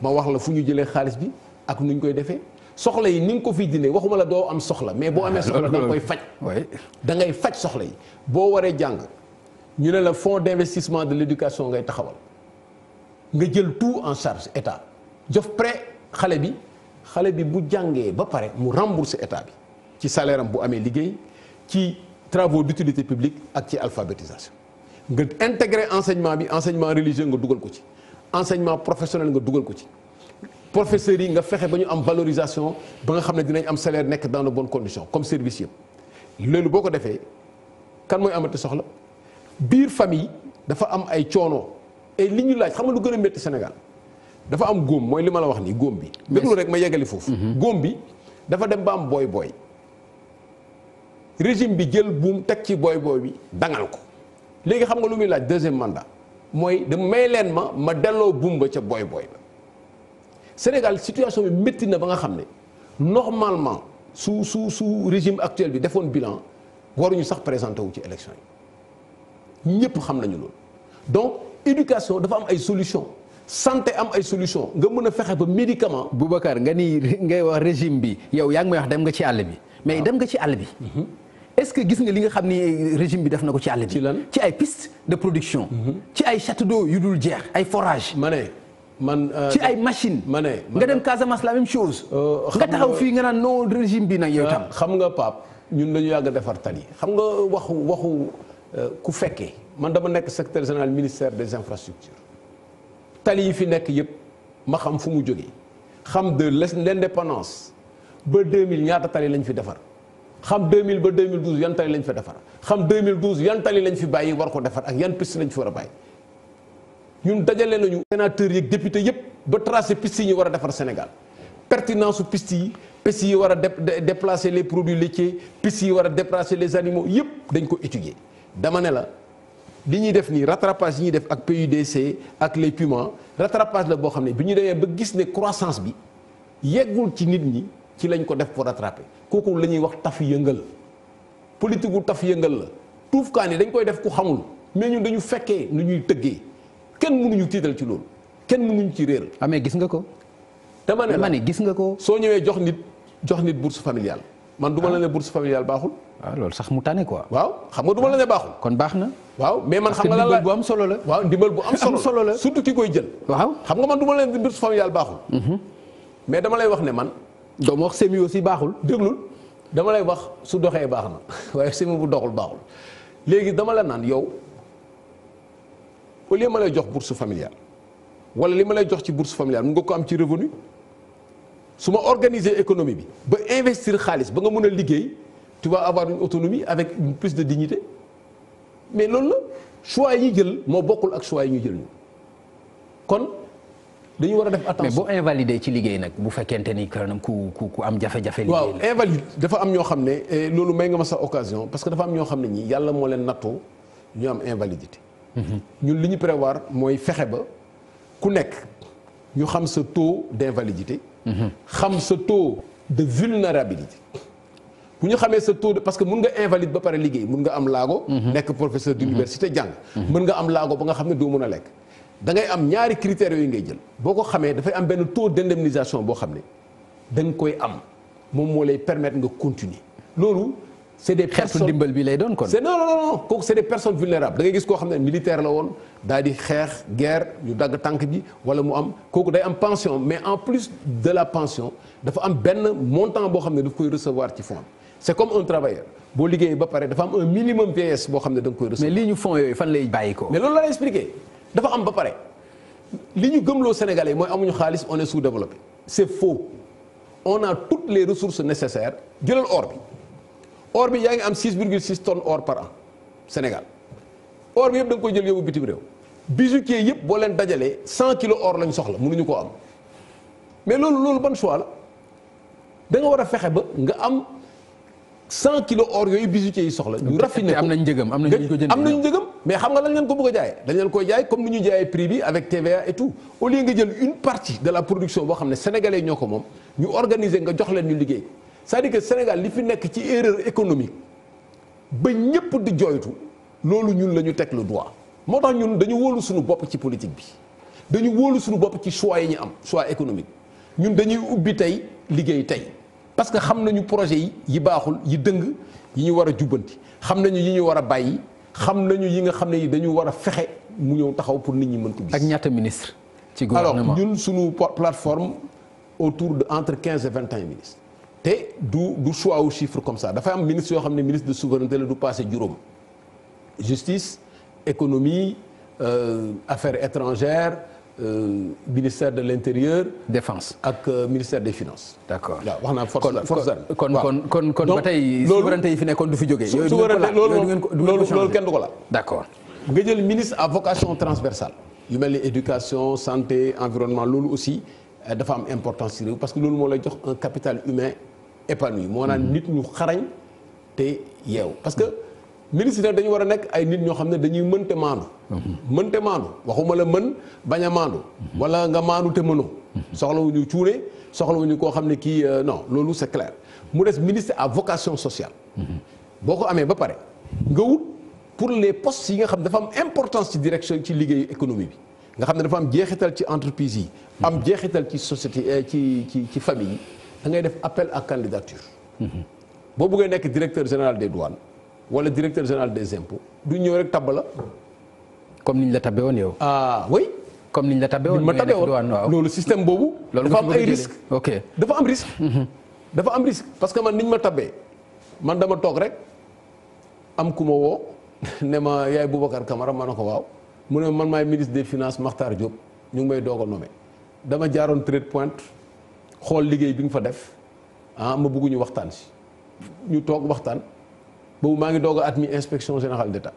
ma wax la fuñu jëlé xaaliss bi ak nuñ koy défé soxla yi ni ko fi waxuma la am soxla mais bo amé soxla da koy da ngay fajj soxla yi bo ñu ne la fonds d'investissement de l'éducation ngay taxawal nga tout en charge état jof prêt xalé bi xalé bi bu ba paré mu rembourse état bi ci salaire bu travaux d'utilité publique ak ci alphabétisation nga intégrer enseignement bi enseignement religieux nga Google ko ci enseignement professionnel nga dugal ko ci professeur yi nga fexé ba am valorisation ba nga xam dinañ am salaire nek dans de bonnes conditions comme service le loolu boko défé quand kan moy amati soxla biir famille dafa am ay coono et liñu laaj xam nga lu gëna metti Sénégal dafa am góom moy li la wax ni góom bi déglu rek ma yeggali fofu mhm. góom bi dafa dem ba am boy boy régime bi jël buum tek ci boy boy bi dangal ko léegi xam nga lu muy laaj deuxième mandat mooy da may leen ma ma delloo bumba ca booy booy ba Sénégal situation bi métti na ba nga xam ne normalement su su su régime actuel bi defoon bilan waruñu sax présenté wu ci élection yi ñëpp xam nañu loolu donc éducation dafa am ay solution santé am ay solution nga mën a fexe ba médicament. Boubacar nga ni ngay wax régime bi yow yaa ngi may wax dem nga ci àll bi. mais ah. dem nga ci àll bi. Mhm. est-ce que gis nga li nga xam régime bi def nako ci àll ci ay piste de production. Mhm. ci ay château d'eau yu dul jeex ay forage mané man euh, ci ay machine mané nga dem Casamance la même chose. Euh, nga taxaw fi nga nan non régime bi nak yow tam. Ah, xam nga pap ñun lañu yag defar tali xam nga waxu waxu euh, ku fekkee man dama nek secrétaire général ministère des infrastructures tali yi fi nek yeb ma xam fu mu joggé xam de l'indépendance ba 2000 ñaata tali lañ fi defar xam 2000 ba 2012 yan tali lañ fi defar xam 2012 yan tali lañ fi bàyyi war ko defar ak yan piste lañ fi war a bàyyi ñun dajale nañu sénateur yeeg député yépp ba tracé piste yi ñu war a defar Sénégal pertinence piste yi piste yi war a déplacer les produits laitiers piste yi war a déplacer les animaux yépp dañ ko étudier dama ne la li ñuy def nii rattrapage yi ñuy def ak PUDC ak les puments rattrapage la boo xam ne bi ñu demee ba gis ne croissance bi yeggul ci nit ñi. ci lañ ko def pour rattraper kooku la ñuy wax taf yëngal politique gu taf yëngal la tuufkaan yi dañ koy def ku xamul mais ñun dañu fekkee nu ñuy tëggee kenn mënuñu tiital ci loolu kenn mënuñu ci réer. amee ah, gis nga ko. te ma ne ma ne gis nga ko. soo ñëwee jox nit jox nit bourse familiale. man du ma la ah. ne bourse familiale baaxul. Ah, loolu sax mu tane ko waaw xam nga du ma la ne baaxul. kon baax na. waaw mais man xam nga lan la bu am solo la. waaw ndimbal bu am solo solo la surtout ki koy jël. waaw xam nga man duma ma la ne bourse mm-hmm. wax ne man. doomu wax semi aussi baxul déglul dama lay wax su doxee baxna na waaye semi bu doxul baxul légui dama la nan yow au lieu ma lay jox bourse familiale wala li ma lay jox ci bourse familiale mun nga ko am ci revenu suma ma organiser économie bi ba investir khalis ba nga mën a liggéey tu vas avoir une autonomie avec une plus de dignité mais loolu choix yi jël mo bokul ak choix yi ñu jël kon dañu wara def attention mais bo invalidé ci liguey nak bu ni ku ku invalide dafa am eh, ma sa occasion parce que dafa am ño xamné ñi nous invalidité. Mhm. prévoir moy ba ku ñu xam taux d'invalidité. Mhm. xam ce taux de vulnérabilité. bu ñu taux parce que mën nga invalide ba paré liguey mën nga am mhm. professeur d'université mën nga am ba nga da ngay am ñaari critères yooyu ngay jël boko xamé da fay am ben taux d'indemnisation bo xamné ne da nga koy am moom mo lay permettre nga continuer lolu c'est des personnes dimbal bi lay don kon. c'est non non non kooku c'est des personnes vulnérables da ngay gis ko xamné militaire la won daal di xeex guerre yu dag tank bi wala mu am koku day am pension mais en plus de la pension da fa am ben montant bo xamné da daf koy recevoir ci fond c'est comme un travailleur bo liggéeyee ba paré da fa am un minimum vieillesse bo xamné da nga koy recevoir. mais lii ñu fonds yooyu fan lay bayiko mais lolu la expliquer dafa am ba pare li Ce gëmloo Sénégalais mooy amuñu xaalis on est sous-développé c'est faux on a toutes les ressources nécessaires jëlal or bi or bi yaa 6,6 tonnes d'or par an Sénégal or bi yëpp da nga koy jël yóbbu bitim réew bijoutier yëpp boo leen 100 kg d'or. lañ soxla mënuñu am mais loolu loolu ban choix la da nga war a 100 kilos or yooyu bijoutier yi soxla. ñu raffiné amna am amna ñu ko jënd amna nañ njëgam mais xam nga lan ngeen ko bëgg jaay jaayee dañ leen koy jaay comme ni ñu jaay prix bi avec TVA et tout au lieu nga jël une partie de la production bo xamné sénégalais ñoko mom ñu organiser nga jox leen ñu liggéey c'est-à-dire que Sénégal li fi nekk ci erreur économique ba ñëpp di joytu lolu ñun lañu tek le droit motax ñun dañu wolu suñu bop ci politique bi dañu wolu suñu bop ci choix yi ñu am choix économique ñun dañuy ubbi tey liggéey tay parce que nous savons projet yi yi baaxul yi dëng yi ñu wara jubanti jubbanti xam nañu yi ñu wara a bàyyi xam nañu yi nga xam dañu wara a mu ñëw taxaw pour nit ñi mën ko gis. ak ñata ministre ci gouvernement alors ñun suñu plateforme autour de entre 15 et vingt et ministres. té du du choix au chiffre comme ça fay am ministre yo xam ministre de souveraineté la du passé juróom justice économie euh, affaires étrangères. Euh, ministère de l'Intérieur, défense avec euh, ministère des finances. d'accord. accord waaw wax force la force armée kon kon kon kon ba tey. fi nekkoon du fi jógee. yooyu la ministre à vocation transversale. yu mel éducation santé environnement loolu aussi euh, dafa am importance ci parce que loolu moo lay jox un capital humain épanoui Moi, on mhm. nit ñu xarañ te yeew parce que. ministère dañu war a nekk ay nit ñoo xam ne dañuy mënte maandu. mënte maandu waxuma la mën bañ a maandu. wala nga maandu te mënoo. soxlawuñu cuune soxlawuñu koo xam ne kii euh, non loolu c'est clair mu des ministre à vocation sociale. boo ko amee ba pare nga wut pour les postes yi nga xam dafa am importance ci direction ci liggéeyu économie bi. nga xam ne dafa am jeexital ci entreprise yi. am jeexital ci société euh, ci ci ci famille yi. da ngay def appel ak candidature. boo bëggee nekk directeur général des douanes. wala directeur général des impôts du ñëw rek tabb la. comme ni ñu la tabbee woon yow. Ah, comme ni ñu la tabbee woon ma tabbee woon loolu système boobu. loolu dafa am ay risque ok dafa am risque. Mhm. dafa am risque parce que man ni ñu ma tabbee man dama toog rek am ku ma woo ne ma yaay Boubacar Camara ma ne ko waaw mu ne man maay ministre des finance Makhtar Diop ñu ngi may doog a dama jaaroon trade point xool liggéey bi nga fa def ah ma bëgg waxtaan si ñu toog waxtaan. boobu maa ngi doog a admis inspection de ta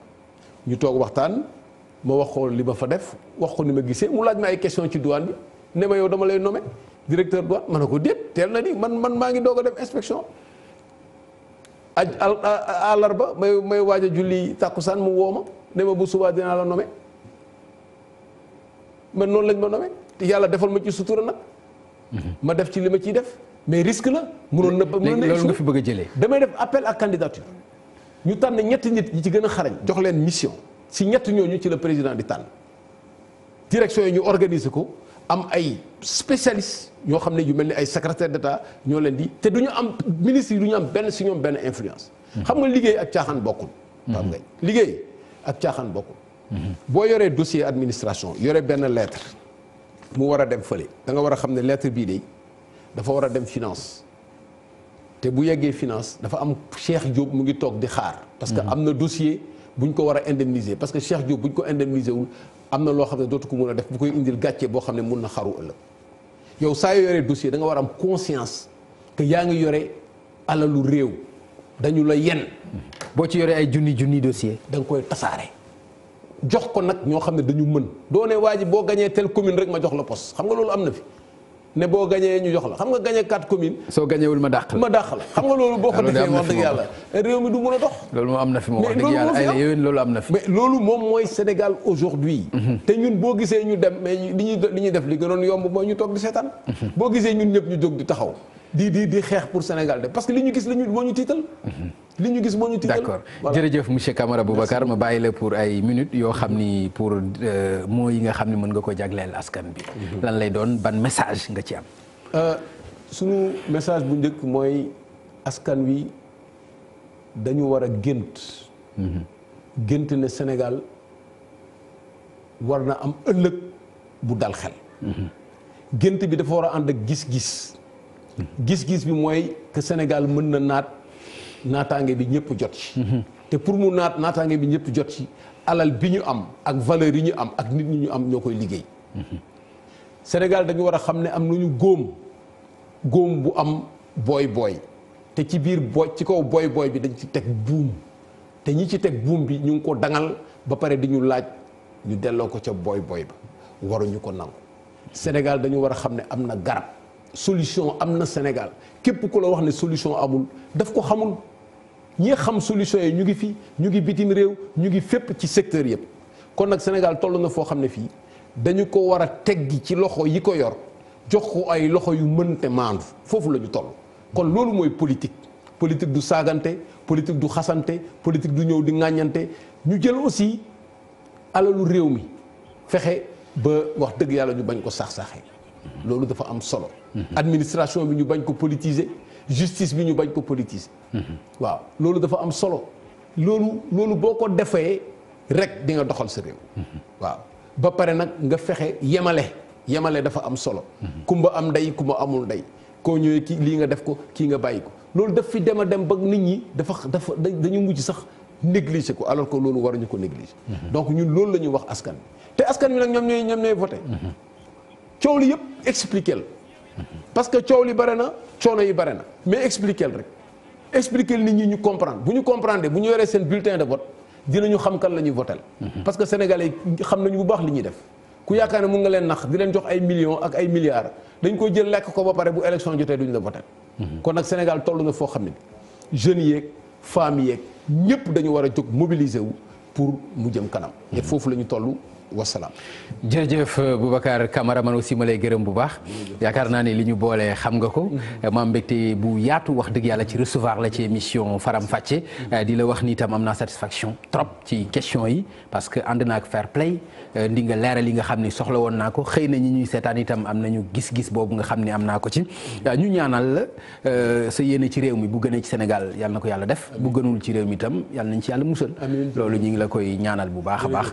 ñu toog waxtaan ma wax ko li ma fa def wax ko ni ma gisee mu laaj ma ay question ci douane bi ne ma yow dama lay nome directeur douane ma ne ko déet teel na ni man man maa ngi doog a dem inspection. aj ba may may waaj a julli tàkkusaan mu woo ma ne ma bu subaa dinaa la nome ma noonu lañ ma nommé te yàlla defal ma ci sutura nag. ma def ci li ma ciy def mais risque la. munoon na ba munoon na loolu nga fi bëgg a jëlee. damay def appel à candidature. ñu tànn ñetti nit ñi ci gën a xarañ jox leen mission si ñett ñu ci la président di tànn direction yi ñu organiser ko am ay spécialistes ñoo xam ne yu mel ni ay secrétaire d'État ñoo leen di te du ñu am ministre yi du ñu am benn si ñoom benn influence. xam nga liggéey ak caaxaan bokkul. xam liggéey ak caaxaan bokkul. boo yoree dossier administration yore benn lettre mu war a dem fële da nga war a xam ne lettre bii de dafa war a dem finance. te bu yeggee finance dafa am Cheikh Diop mu ngi tok di xaar. parce que mm-hmm. amna dossier buñ ko wara indemniser parce que Cheikh Diop buñ ko indemniser wul am na loo xam ko mëna def bu koy indil gatché bo xamné mëna xaru ëllëg yow sa yoré dossier da nga wara am conscience que yaa ngi yore alalu réew dañu la yenn. Mm-hmm. bo ci yoré ay junni junni dossier da nga koy tasaare. jox ko nak ño xamné dañu mëne doone waa ji boo gañee telle commune rek ma jox la poste xam nga lolu amna fi. ne boo gañee ñu jox la xam nga gañekat quatre communes. soo gañewul ma dàq la ma dàq la xam nga loolu boo ko defee wax dëgg yàlla réew mi du mën a dox. loolu moom am na fi moom wax dëgg yàlla ay yéen loolu am na fi. mais loolu moom mooy Sénégal aujourd'hui mhm. te ñun boo gisee ñu dem mais li ñuy li ñuy def li gënoon yomb mooy ñu toog di seetaan. Mhm. boo gisee ñun ñëpp ñu jóg di taxaw di di di xeex pour Sénégal de parce que li ñu gis la ñu moo ñu tiital. li ñu gis moo ñu tiital. d'accord jërëjëf monsieur Camara Boubacar ma bàyyi la pour ay minutes yoo xam ni pour euh, mots yi nga xam mën nga ko jagleel askan bi. Mhm. lan lay doon ban message nga ci am. Euh, sunu message bu njëkk mooy askan wi dañu war a gént. Mhm. gént ne Sénégal war am ëllëg bu dal xel. Mhm. gént bi dafa war a gis-gis. gis-gis bi mooy que Sénégal mën na naat naataange bi ñëpp jot ci. te pour mu naat naataange bi ñëpp jot ci alal bi ñu am ak valeur yi ñu am ak nit ñi ñu am ñoo koy liggéey. Sénégal dañu war a xam ne am nañu góom góom bu am booy booy te ci biir booy ci kaw booy booy bi dañ ci teg buum te ci teg buum bi ñu ngi ko dangal ba pare di laaj ñu delloo ko ca booy booy ba waruñu ko nangu Sénégal dañu war a xam ne am na garab. solution amna Sénégal képp ku la wax solution amul daf ko xamul ñi xam solution yi ñu ngi fi ñu ngi bitim réew ñu ngi fépp ci secteur yëpp kon nag Sénégal toll na foo xam fi, fii dañu ko wara teggi ci loxo yi ko yor jox ko ay loxo yu mënte maandu foofu la ñu kon politique politique du saganté, politique du xasante politique du ñëw di ŋàññante ñu jël aussi alalu réew mi fexe ba wax dëgg yàlla ñu bañ ko sax loolu dafa am solo. administration bi ñu bañ ko politiser justice bi ñu bañ ko politiser. waaw loolu dafa am solo. loolu loolu boo ko defee rek di nga doxal sa réew. waaw ba pare nag nga fexe yemale yemale dafa am solo. kumba am ndey kumba amul ndey koo ñëwee kii lii nga def ko kii nga bàyyi ko loolu daf fi dem a dem ba nit ñi dafa dafa dañu mujj sax négliger ko alors que loolu ñu ko négliger. Mhm. donc ñun loolu la ñuy wax askan bi te askan bi nag ñoom ñooy ñoom coow yep, yëpp expliqué parce que coow barena, bare na yi bare mais expliqué rek expliqué nit ñi ñu comprendre bu ñu comprendre bu ñu yoree seen bulletin de vote dinañu xam kan la ñuy votel mhm. parce que sénégalais xam nañu bu baax li ñuy def ku yaakaane ne mun nga leen nax di leen jox ay millions ak ay milliards dañ ko jël lek ko ba paré bu élection jotté duñ la votel mhm. kon nak Sénégal tollu na fo xam jeune bi jeunes yeeg femmes yeeg dañu wara a mobiliser wu pour mu jëm kanam. et fofu lañu tollu wasalaam euh, Boubacar Camara man aussi ma lay bu baax yakarna ni liñu bolé xam nga ko mm-hmm. bu wax ci recevoir la ci émission Faram Facce mm-hmm. euh, di la wax ni tam amna satisfaction trop ci question yi parce que andenak fair play euh, ndi nga li nga xamni soxla woon naa ko ñuy gis-gis bobu nga xamni amna ko ci mm-hmm. ñu ñaanal la sa ci réew mi bu ci Sénégal yalla nako yalla def bu gënul ci réew mi tam yalla nañ ci yalla musal lolu ngi la koy ñaanal bu baaxa baax